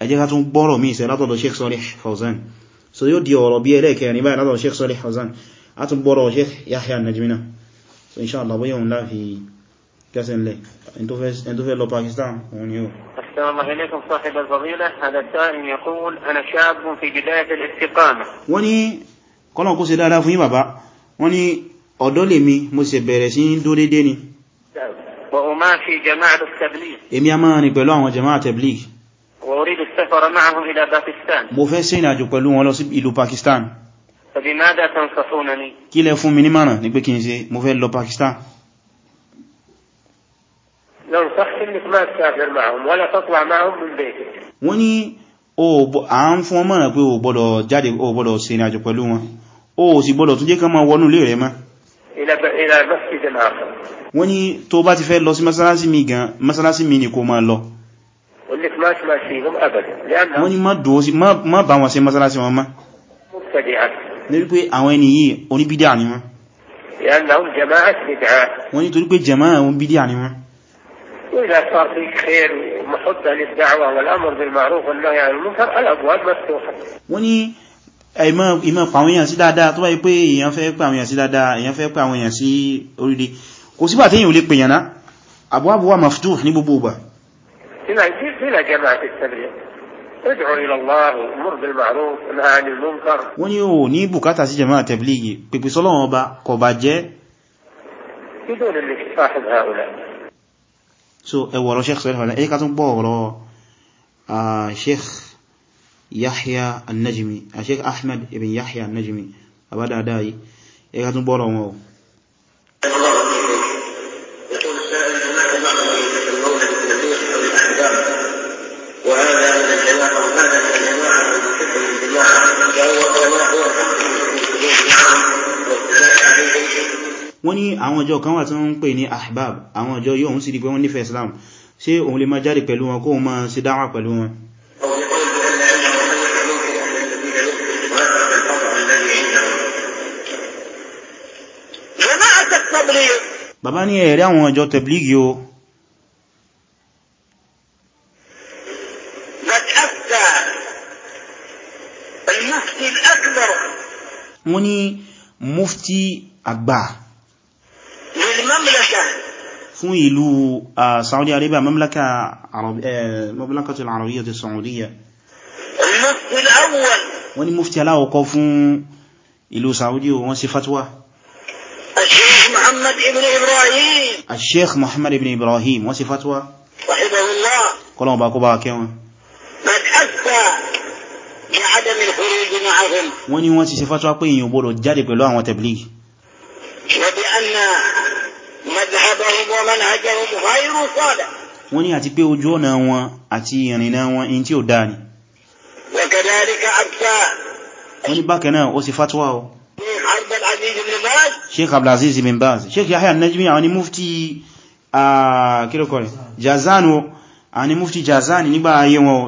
ẹ tún gbọ́rọ̀ mí ìsẹ̀ látọ̀dọ̀ Sheikh Salih Fawzan so yóò di ọ̀rọ̀ bí ẹlẹ́ẹ̀kẹrin báyìí látọ̀dọ̀ Sheikh Salih Fawzan a tún gbọ́rọ̀ Sheikh Yahya Najmina so inṣáàlá bóyá òun láfi kẹsẹ̀lẹ̀ ẹn tó fẹ́ lọ Pakistan òun ni السلام عليكم صاحب الفضيلة هذا السائل يقول أنا شاب في بداية الاستقامة wọ́n ní kọ́lọ̀ kó ṣe dáadáa fún yín bàbá wọ́n ní ọ̀dọ́ lèmi mo ṣe bẹ̀rẹ̀ sí ń dó dédé ni èmi a máa rìn pẹ̀lú àwọn jama'at tabligh وأريد السفر معهم إلى باكستان mo fẹ́ ṣe ìrìnàjò pẹ̀lú wọn lọ sí ìlú Pakistan فبماذا تنصحونني kí lẹ fún mi ní mọ̀ràn ní pé kí n ṣe mo fẹ́ lọ Pakistan لو صح إنك ما تسافر معهم ولا تطلع معهم من بيتك wọ́n ní a ń fún ọmọ rẹ̀ pé o gbọ́dọ̀ jáde o gbọ́dọ̀ ṣe ìrìnàjò pẹ̀lú wọn o sì gbọ́dọ̀ tún jẹ́ kán máa wọnú ilé rẹ̀ mọ́ wọ́n ní tó bá ti fẹ́ lọ sí mọ́sálásí mi gan mọ́sálásí mi ni kó máa lọ وانك ما تماشيهم ابدا لانهم wọ́n ní má dúró sí má bá wọn ṣe mọ́sálásí wọn mọ́ nítorí pé àwọn ẹni yìí oníbídíà ni wọ́n لانهم جماعة بدعة wọ́n ní torí pé jama'a wọn bídíà ni wọ́n وإذا صار في خير ومحبة للدعوة والأمر بالمعروف والنهي عن المنكر الأبواب مفتوحة wọ́n ní ìmọ̀ pàwọn èèyàn sí dáadáa tó bá yí pé èèyàn fẹ́ pàwọn èèyàn sí dáadáa èèyàn fẹ́ pàwọn èèyàn sí orílẹ̀ kò síbà tí èèyàn ò lè pèèyàn náà àbúwàbúwà maftuh ní gbogbo ọgbà إلى جماعة التبليغ ادعو إلى الله وامر بالمعروف ونهى عن المنكر wọ́n ní ó ní bùkátà sí jama'a tẹ̀blígì pèpè sọ́lọ́wọ́n ọba kò bá jẹ́ so ẹwọ̀rọ̀ sheikh sọ́lọ́wọ́ ọ̀nà ẹ̀yíká tún gbọ́ ọ̀rọ̀ sheikh yahya annajmi sheikh ahmad ibn yahya annajmi abádáadáa yìí ẹ̀yíká tún gbọ́ ọ̀rọ̀ wọn wọ́n ní àwọn ọjọ́ kan wà tí wọ́n ń pè ní ahbab àwọn ọjọ́ yóò ń sì rí pé nífẹ̀ẹ́ islam ṣé òun lè máa jáde pẹ̀lú wọn kó ma ṣe dáwà pẹ̀lú wọn bàbá ní ẹ̀rẹ́ àwọn ọjọ́ tẹ̀blígì o wọ́n ní mufti àgbà fún ìlú Saudi Arabia mamlaka mamlakatul Arabiyya ti Saudiya wọ́n ni mufti aláwọ̀kọ́ fún ìlú Saudi wọ́n sí fatwa al-sheikh Muhammad ibn Ibrahim wọ́n sí fatwa kọlọ̀wọ̀n bá kó bá kẹwọn wọ́n ni wọ́n ti sí fatwa pé èyàn gbọ́dọ̀ jáde pẹ̀lú àwọn tabligh manhajahum ghayru salih wọ́n ní àti pé ojú ọ̀nà wọn àti ìrìnà wọn in tí ó dáa ni wa kadhalika abta wọ́n ní bákan náà ó sì fatwa o sheikh abdulaziz bin baz sheikh yahya najmi àwọn ni mufti kílòkọ̀rẹ̀ jazan o àwọn ni mufti jazan nígbà ayé wọn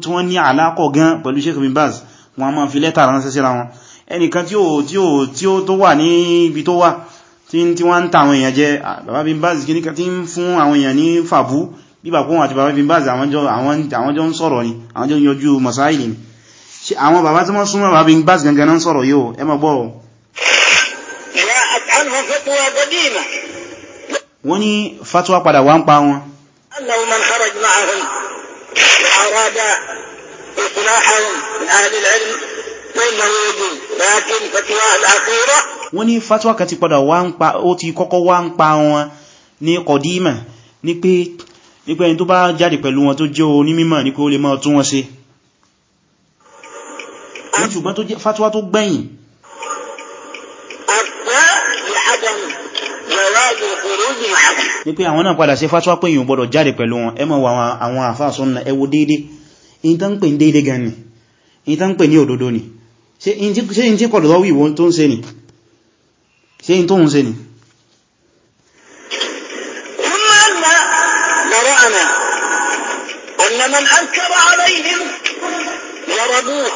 tí wọ́n ní alákọ̀ gan pẹ̀lú sheikh bin baz wọ́n a fi lẹ́tà ránṣẹ́ síra wọn ẹnìkan tí ó tó wà ní ibi tó wà tí tí wọ́n ń ta àwọn èèyàn jẹ́ bàbá Bin Baz kí níkà tí ń fún àwọn èèyàn ní fàbú bíbà kún àti bàbá Bin Baz àwọn jọ ń sọ̀rọ̀ ni àwọn jọ ń yọjú masáìlì ni àwọn bàbá tí wọ́n súnmọ́ bàbá Bin Baz gangan ń sọ̀rọ̀ yóò ẹ máa gbọ́ wọ́n ní fatwa padà wá فإنه يجوز لكن فتوى الأخيرة wọ́n ní fatwa kan ti padà wá ń pa ó ti kọ́kọ́ wá ń pa wọn ní kọ̀dímà ní pé ẹni tó bá jáde pẹ̀lú wọn tó jẹ́ onímímọ̀ ní pé ó lè máa tún wọn ṣe ṣùgbọ́n tó jẹ́ fatwa tó ní pé àwọn náà padà ṣe fatwa pé èyàn gbọ́dọ̀ jáde pẹ̀lú wọn ẹ máa wò àwọn àfáà sunna ẹ wò déédé in tán pè ní déédé gan ni in tán pè ní òdodo ni ṣe in tí kọ̀dọ̀lọ́wì wọn tó ń ṣe ni ṣe in tó ń ṣe ni من أنكر عليهم ضربوه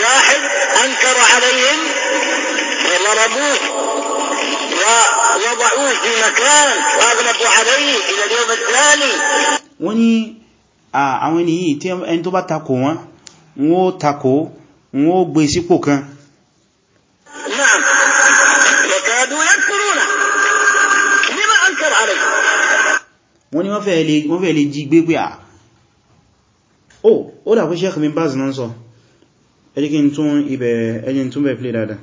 لاحظ أنكر عليهم ضربوه ووضعوه في مكان وأغلبوا عليه إلى اليوم التالي wọ́n ní àwọn ènìyàn tí ẹni tó bá takò wọ́n wọ́n takò wọ́n gbé sípò kan wọ́n ní wọ́n fẹ́ lè jí gbé pé à ó ó dà pé Sheikh Bin Baz náà sọ ẹjíkín tún bẹ̀ play dada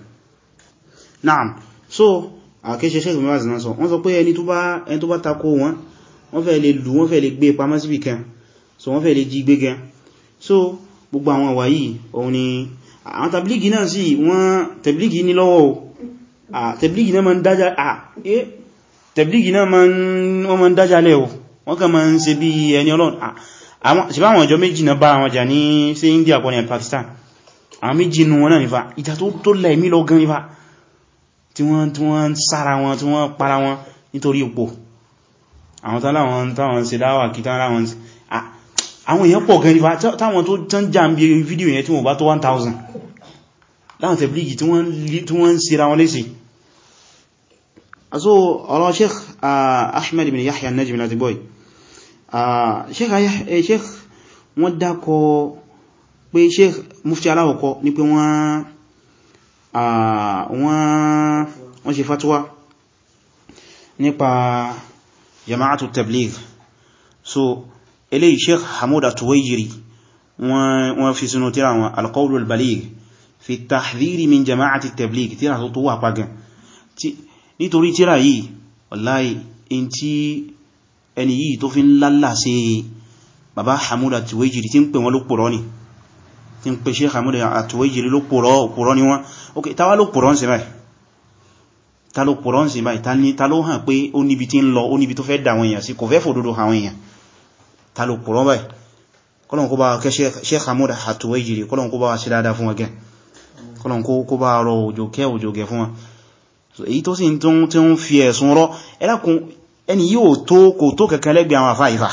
naam so àkíṣẹ́ Sheikh Bin Baz náà sọ wọ́n sọ pé ẹni tó bá takò wọn wọ́n fẹ́ lè lù wọ́n fẹ́ lè gbé pamọ́ síbì kan so wọ́n fẹ́ lè jí gbé gan so gbogbo àwọn àwà yìí òun ni àwọn tàbílìgì náà sì wọ́n tàbílìgì ní lọ́wọ́ tàbílìgì náà ma ń dájá eh, lẹ́wọ̀ wọ́n kàn máa ń ṣe bí ẹni ọlọ́run ṣìbá àwọn ọjọ́ méjì náà bá àwọn jà ní sí India pọ̀ ní Pakistan àwọn méjì nù wọn náà nífà ìjà tó lẹ́ ìmí lọ gan nífà tí wọ́n tí wọ́n sára wọn tí wọ́n para wọn nítorí ipò àwọn táwọn táwọn ṣe dáwà kí táwọn àwọn èèyàn pọ̀ gan nífà táwọn tó tán jà ń bí fídíò aso ọ̀rọ̀ ah, Ahmed ibn Yahya an-Najmi láti bọ́yìí Eh, sheikh wọ́n dákọ pé sheikh mufti aláwọ̀kọ́ ní pé wọ́n ṣe fatuwa nípa jama'atu tabligh so eléyìí sheikh hamud atuwayiri wọ́n fi sínú tírà wọn alqawlul baligh fi tahdhiri min jama'ati tabligh tírà tó tó wà pàgán nítorí tírà yìí wallahi in tí ẹni yìí tó fi ń lálà sí bàbá Hamuda Tuwaijiri tí ń pè wọn ló pòrọ́ ni tí ń pè Sheikh Hamuda Tuwaijiri ló pòrọ́ òpòrọ́ ni wọ́n ok ta wá ló pòrọ́ ń sin báyìí ta ló pòrọ́ ń sin báyìí ta ní ta ló hàn pé ó níbi tí ń lọ ó níbi tó fẹ́ dà àwọn èèyàn sí kò fẹ́ fòdodo àwọn èèyàn ta ló pòrọ́ báyìí kọ́lọ̀n kó bá kẹ́ Sheikh Hamuda Tuwaijiri kọ́lọ̀n kó bá wá sí dáadáa fún wọn gẹ́ kọ́lọ̀n kó bá rọ òjò kẹ́ òjò gẹ́ fún wọn èyí tó sì ẹni yíò tó kò tó kẹ̀kẹ́ lẹ́gbẹ̀ àwọn àfáìfà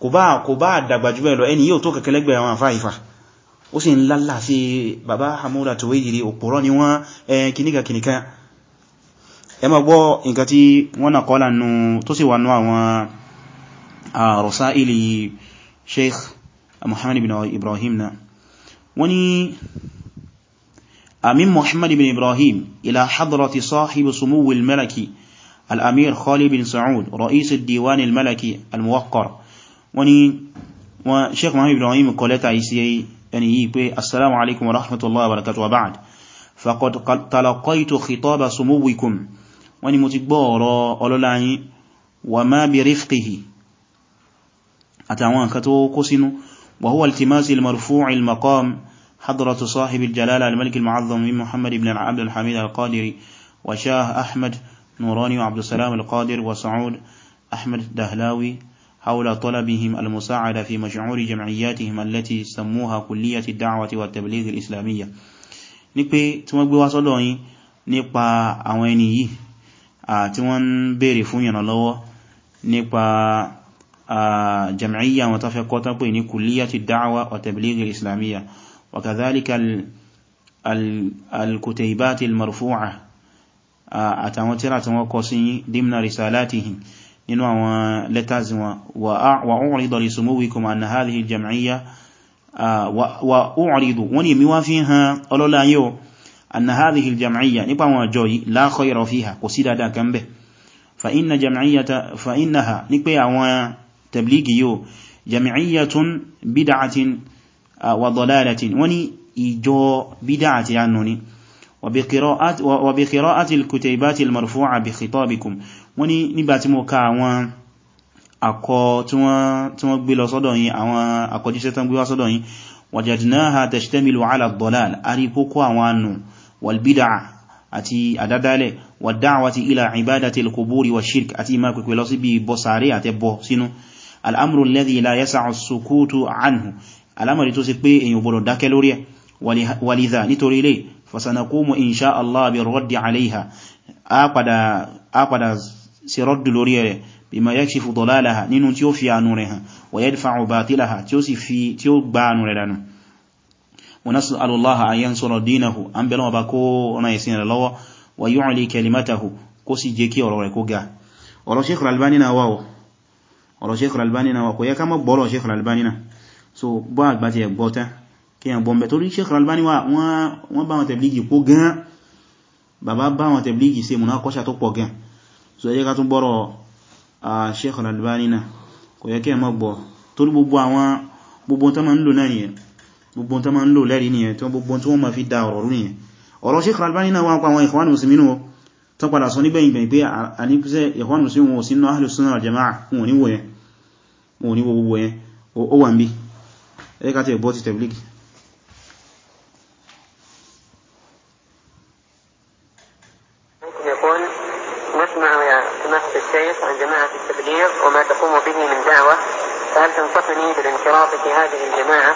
kò bá kò bá dàgbà jù bẹ́ẹ̀ lọ ẹni yíò tó kẹ̀kẹ́ lẹ́gbẹ̀ àwọn àfáìfà ó sì ń lálà sí bàbá Hamuda Tuwaydiri òpòrọ́ ni wọ́n kìníkà kìníkà ẹ ma gbọ́ nǹkan tí wọ́n nà kọ́lá nù tó sì wà nù àwọn Rasaili Sheikh Muhammad ibn Ibrahim na wọ́n ni amin Muhammad ibn Ibrahim ila hadrati sahibu sumuwil malaki الأمير خالي بن سعود رئيس الديوان الملكي الموقر وني وشيخ محمد إبراهيم قالت عيسي يعني السلام عليكم ورحمة الله وبركاته وبعد فقد تلقيت خطاب سموكم وني متبارا أولولاني وما برفقه أتعوان كتو قسن وهو التماس المرفوع المقام حضرة صاحب الجلالة الملك المعظم محمد بن عبد الحميد القادري وشاه أحمد نوراني وعبد السلام القادر وسعود أحمد الدهلاوي حول طلبهم المساعدة في مشعور جمعياتهم التي سموها كلية الدعوة والتبليغ الإسلامية نكبي تمكبي وصلوني نكبا أويني آه، تمن بيري فنين الله نكبا آه، جمعية متفقة بين كلية الدعوة والتبليغ الإسلامية وكذلك ال الكتيبات المرفوعة àtàwọn tíra tí wọ́n kọ sí dimna risalatihim nínú àwọn letters wọn wa u'ridu li sumuwikum anna hadhihi al-jam'iyya wa u'ridu wọ́n ni mi wá fi hàn ọlọ́lá yóò anna hadhihi al-jam'iyya nípa àwọn àjọ yìí la kò sí dáadáa kan bẹ̀ fa bid'ati annu wa bi qira'ati al-kutaybati al-marfu'a bi khitabikum wọ́n ní nígbàtí mo ka àwọn akọ tí wọ́n gbé lọ sọ́dọ̀ yín àwọn akọjíṣẹ́ tán gbé wá sọ́dọ̀ yín wajadnaha tashtamilu ala ad-dalal ari poko àwọn anu wal bid'ah àti àdádálẹ̀ wa da'wati ila ibadati al-quburi wa shirk àti ma kwekwe lọ sí bí bọ́sàárè àtẹ́bọ́ sínú al'amuru alladhi la yasa'u as-sukutu anhu alamari tó ṣe pé èyàn gbọ́dọ̀ dákẹ́ lórí ẹ̀ wàlìdà nítorí ilé fasanakumu insha Allah bi raddi alaiha a padà a padà sí raddu lórí rẹ̀ bima yakshifu dalalaha nínú tí ó fi àánú rẹ̀ hàn wa yadfa'u batilaha tí ó sì fi tí ó gbá àánú rẹ̀ dànù wa nas'alu Allah an yansura dinahu an bẹ̀rẹ̀ ọba kó ọ̀nà ìsin rẹ̀ wa yu'li kalimatahu kó sì jẹ́ kí ọ̀rọ̀ rẹ̀ kó ga ọ̀rọ̀ Sheikh albani na wáwọ̀ ọ̀rọ̀ Sheikh albani na wà kò yẹ ká mọ́ albani na so bọ́ àgbà ti kíyàn bọ̀m̀bẹ̀ torí Sheikh Al-Albani wọ́n bá wọn tẹ̀blígì pọ̀ gan bàbá bá wọn tẹ̀blígì ṣe múná kọ́ṣà tó pọ̀ gan so yẹ ká tún gbọ́rọ̀ Sheikh Al-Albani náà kò yẹ kí ẹ mọ́ gbọ́ torí gbogbo àwọn gbogbo tó ma ń lò náà nìyẹn gbogbo tó ma ń lò lẹ́rí nìyẹn tí gbogbo tó wọ́n ma fi da ọ̀rọ̀ rú nìyẹn ọ̀rọ̀ Sheikh al o tó padà sọ nígbẹ̀yìn gbẹ̀yìn wà ń bí ẹ̀ẹ́kà tí ti tẹ̀blígì هذه الجماعة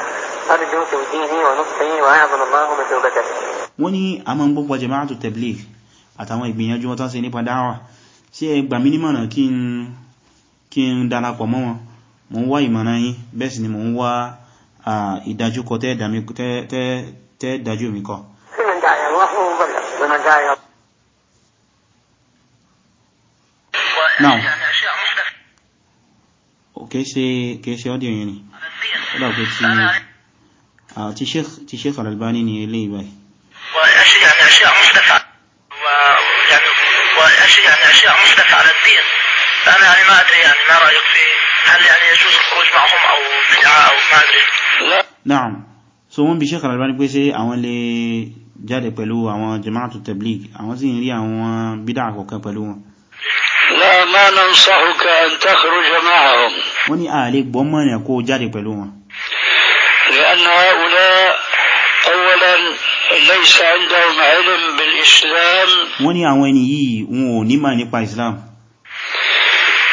أرجو توجيهي ونصحي وأعظم الله مثوبته wọ́n ní a máa ń gbogbo jama'atu tabligh àtàwọn ìgbìyànjú wọ́n tán sí nípa dáwà sí ẹgbà mínímọ̀nà kí n darapọ̀ mọ́ wọn mo wá ìmọ̀nà yín bẹ́ẹ̀ ni mo wá ìdájúkọ tẹ́ dájú kọ ọ́dà pé tí àti Sheikh Al-Albani ní ilé ìbáyìí يعني أشياء محدثة على الدين فأنا يعني ما أدري يعني ما رأيك في هل يعني يجوز الخروج معهم أو بدعة أو ما أدري نعم so wọ́n bí Sheikh Al-Albani pé ṣé àwọn lè jáde pẹ̀lú àwọn jama'atu tabligh àwọn sì ń rí àwọn bídá àkọ́kọ́ pẹ̀lú wọn la ma nansahuka an takhruja ma'ahum wọ́n ní a lè gbọ́mọ̀ ní kó jáde pẹ̀lú wọn أن هؤلاء أولا ليس عندهم علم بالإسلام وني عواني ونما نبع إسلام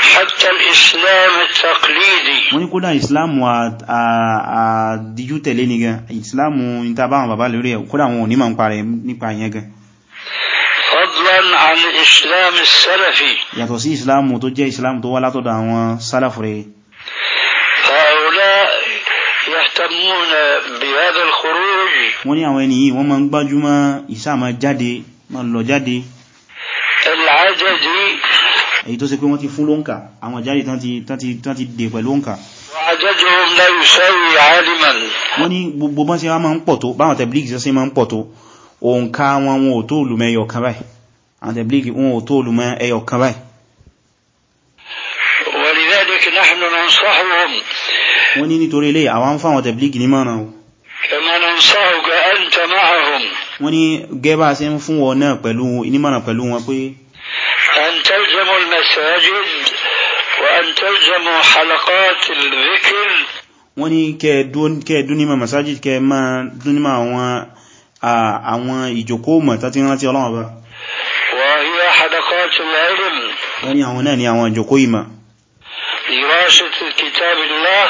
حتى الإسلام التقليدي wọ́n ní kódà ìsìláàmù àdíjú tẹ̀lé ní gan ìsìláàmù ìtàbáwọn bàbá lórí ẹ̀ kódà wọn ò ní ma ń parẹ̀ nípa ìyẹn gan fadlan an islam salafi yàtọ̀ sí ìsìláàmù tó jẹ́ ìsìláàmù tó wá látọ̀dọ̀ àwọn sálàfù rẹ̀ yahtamuna bihadha al-khuruj wọ́n ní àwọn ènìyàn wọ́n máa ń gbájúmọ́ ìsáàmà jáde máa lọ jáde al-ajaji èyí tó ṣe pé wọ́n ti fún lóǹkà àwọn jáde tán ti dè pẹ̀lú òǹkà wọ́n ní gbogbo bọ́n sí wọ́n máa ń pọ̀ tó báwọn tẹ̀blíkì sí máa ń pọ̀ tó òǹkà wọn wọn ò tó olùmọ̀ ẹyọ kan báyìí wọ́n ní nítorí ilé àwọn fáwọn tẹ̀blígì ní mọ́ràn o wọ́n ní gẹ́bà sí ń fún wọn náà pẹ̀lú ìnímọ̀ràn pẹ̀lú wọn pé an talzamu al-masajid wa an talzamu halaqat al-dhikr wọ́n ní kẹ́ dúnímọ̀ masajid kẹ́ máa dúnímọ̀ àwọn ìjòkó mọ̀ tàbí rántí ọlọ́wọ́ bá wọ́n ní àwọn náà ni àwọn ìjòkó ìmọ̀ dirasat kitab Allah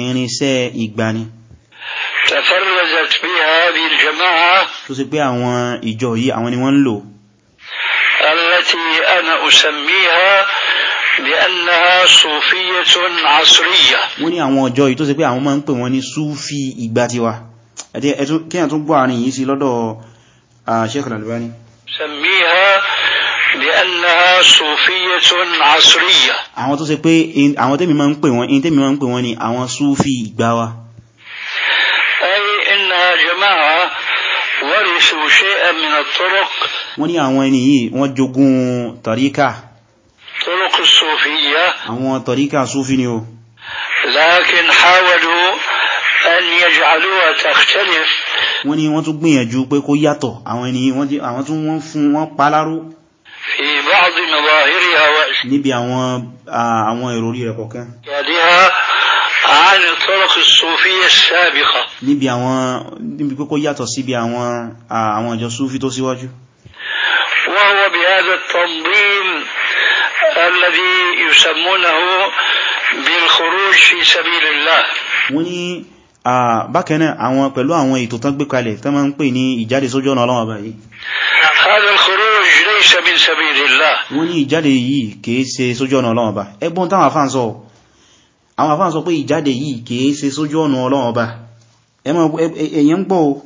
irinṣẹ́ ìgbani tafarrazat biha hadhihi al-jama'a tó sì pé àwọn ìjọ yìí àwọn ni wọ́n ń lò allati ana usammiha bi annaha sufiyyatun asriyya wọ́n ní àwọn ọjọ́ yìí tó sì pé àwọn máa ń pè wọ́n ní súfí ìgbà tiwa kíyàn tún gbọ́ annaha sufiyyatun asriya àwọn tó ṣe pé àwọn tẹ́mi máa ń pè wọ́n in tẹ́mi máa ń pè wọ́n ni àwọn sufi ìgbà wa ay innaha jama'a warithu shay'an min at-turuq wọ́n ní àwọn ẹni yìí wọ́n jogún tàríkà turuq sufiyya àwọn tàríkà sufi ni o lakin hawalu an wọ́n ní wọ́n tún gbìyànjú pé kó yàtọ̀ àwọn ẹni wọ́n tún wọ́n fún wọn pálárò بعض مظاهرها وأشكالها níbi àwọn àwọn ìròrí rẹ̀ kọ̀ọ̀kan عن الطرق الصوفية السابقة níbi àwọn níbi kókó yàtọ̀ síbi àwọn àwọn ìjọ súfí tó síwájú وهو بهذا التنظيم الذي يسمونه بالخروج في سبيل الله wọ́n ní bákan náà àwọn pẹ̀lú àwọn ètò tán gbé kalẹ̀ tán máa ń pè ní ìjáde sójú ọ̀nà Ọlọ́run báyìí laysa min sabilillah wọ́n ní ìjáde yìí kìí ṣe sójú ọ̀nà Ọlọ́run Ọba ẹgbọ́n táwọn àfáà sọ àwọn àfáà sọ pé ìjáde yìí kìí ṣe sójú ọ̀nà Ọlọ́run Ọba ẹ̀yẹn ń gbọ́ o wọ́n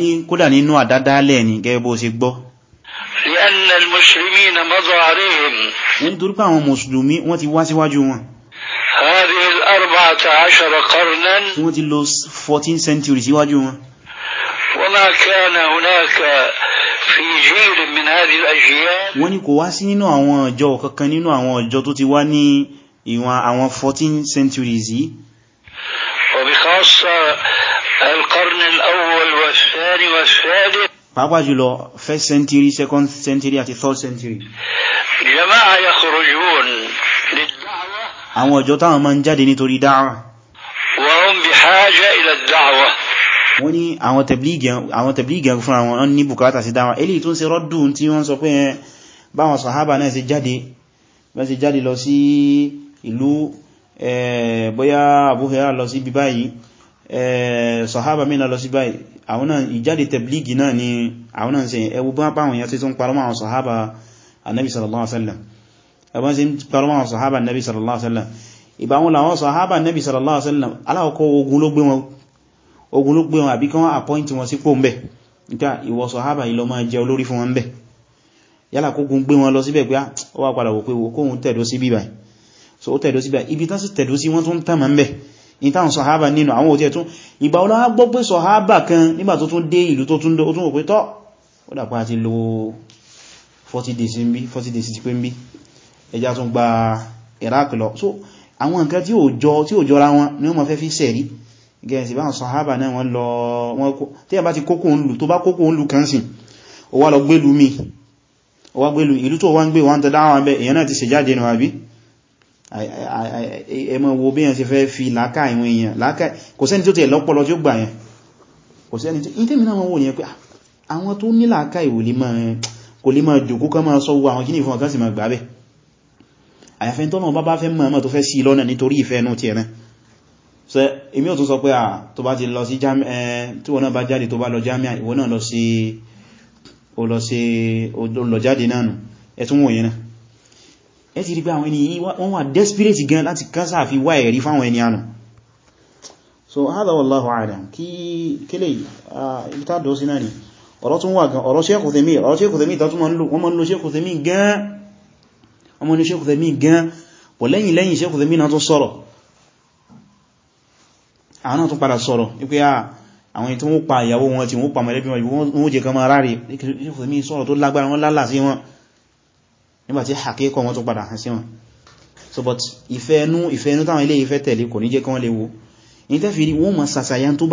ní kódà nínú àdádálẹ̀ ni gẹ́gẹ́ bó ṣe gbọ́ لأن المسلمين مضى عليهم wọ́n torí pé àwọn هذه الأربعة عشر قرنا wọ́n ti 14 century síwájú وما كان هناك في جيل من هذه الأجيال wọ́n ní kò wá sí nínú àwọn ọjọ́ kankan nínú àwọn ọjọ́ tó ti wá ní ìwọ̀n àwọn 14 centuries yìí وبخاصة القرن الأول والثاني والثالث بابا jùlọ First century second century at third century جماعة يخرجون للدعوة àwọn ọjọ́ táwọn máa ń jáde nítorí dáwà وهم بحاجة إلى الدعوة wọ́n ní àwọn tẹ̀blígì ẹgbẹ̀ fún àwọn ní bùkátà sí dáwà eléyìí tó ń ṣe rọ́dù tí wọ́n sọ pé báwọn sàhábà náà ṣe jáde wọ́n ṣe jáde lọ sí ìlú bóyá àbúhẹ́rà lọ sí bíbáyìí sàhábà mìíràn ni àwọn náà ṣe ẹwú bá báwọn èèyàn tó ń parọ́ àwọn sàhábà annabi sallallahu alaihi wasallam ẹbọn sí parọ́ àwọn ogun ló wọn àbí kí wọ́n appoint wọn sípò ń bẹ̀ nípa ìwọ sàhábà yìí lọ máa jẹ olórí fún wọn ń bẹ̀ yálà kógun gbé wọn lọ síbẹ̀ pé ah, ó wà padà wò pé wò kóhun tẹ̀dó sí bíbà so ó tẹ̀dó sí bíbà ibi tán sì tẹ̀dó sí àwọn lo 40 days ń bí 40 days ti pé so àwọn nǹkan tí ò jọra wọn ni wọ́n ma fẹ́ fi sẹ̀rí gẹ̀ẹ́sì báwọn sọ̀hábà náà wọ́n lọ wọ́n kó tí a bá ti kókó ń lù tó bá kókó ń lù kan sí o wá lọ gbélú mi o wá gbélú ìlú tó wá ń gbé wọ́n tẹ́ dáwọn abẹ́ èyàn náà ti ṣe jáde nù àbí ẹmọ wo bí yẹn ṣe fẹ́ fi láká ìwọ̀n èèyàn láká kò sẹ́ni tó ti ẹ̀lọ́pọlọ tí ó gbà yẹn so èmi ò tún sọ pé à tó bá ti lọ sí jami'a tí wọ́n náà bá jáde tó bá lọ jami'a ìwọ náà lọ sí olọ jáde náà nù ẹ̀tún wòye náà ẹ ti rí pé àwọn ènìyàn wọ́n wà desperate gan láti kánsà fi wá ẹ̀rí fáwọn ẹni ànà so hádà wallahu a'lam kí kílè ìtàdó sí náà ni ọ̀rọ̀ tún wà gan ọ̀rọ̀ Sheikh Uthaymeen ọ̀rọ̀ Sheikh Uthaymeen ìtàtún wọ́n mọ́ lò Sheikh Uthaymeen gan wọ́n mọ́ lò Sheikh Uthaymeen gan pọ̀ lẹ́yìn lẹ́yìn Sheikh Uthaymeen náà tó sọ̀rọ̀ àwọn náà tún padà sọ̀rọ̀ wípé ah, àwọn ètò wọ́n pa ìyàwó wọn tí wọ́n pa mọ̀lẹ́bí wọn wọ́n jẹ kan máa ráre ìfòmí sọ̀rọ̀ tó lágbára wọn lálà sí wọn nígbàtí àkíkọ wọn tó padà hàn sí wọn so but ìfẹ́ẹnú ìfẹ́ẹnú táwọn ilé ìfẹ́ tẹ̀lé kò ní jẹ́ kán lè wo in tẹ́ fi rí wọ́n mọ̀ sàṣàyàn tó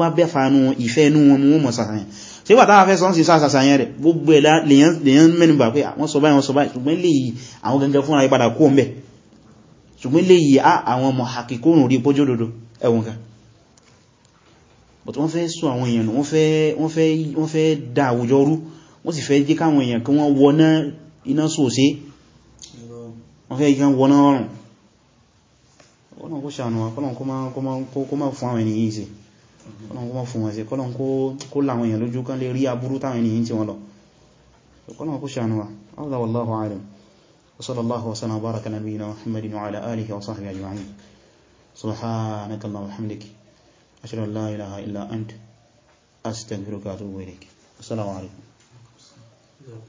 bá bẹ́fàánú ìfẹ́ẹnú wọn mú wọ́n mọ̀ sàṣàyàn tí wà táwọn afẹ́ sọ́n sí sàṣàyàn rẹ̀ gbogbo ẹ̀lá lèyàn mẹ́nubà pé ah, wọ́n sọ báyìí wọ́n sọ báyìí ṣùgbọ́n lè yí àwọn gangan fúnra yí ah, kan but wọ́n fẹ́ sọ àwọn èèyàn wọ́n fẹ́ dá àwùjọ rú wọ́n sì fẹ́ jẹ́ káwọn èèyàn kí wọ́n wọná iná sòsé wọ́n fẹ́ ikẹ́ wọná ọrùn Ọlọ́run kó ṣàánú wa Ọlọ́run kó má fún àwọn ènìyàn ìsẹ̀ Ọlọ́run kó má fún wọn sí Ọlọ́run kó láwọn èèyàn lójú kan lè rí aburú táwọn ènìyàn tí wọ́n lọ Ọlọ́run kó ṣàánú wa أشهد أن لا إله إلا أنت أستغفرك وأتوب إليك السلام عليكم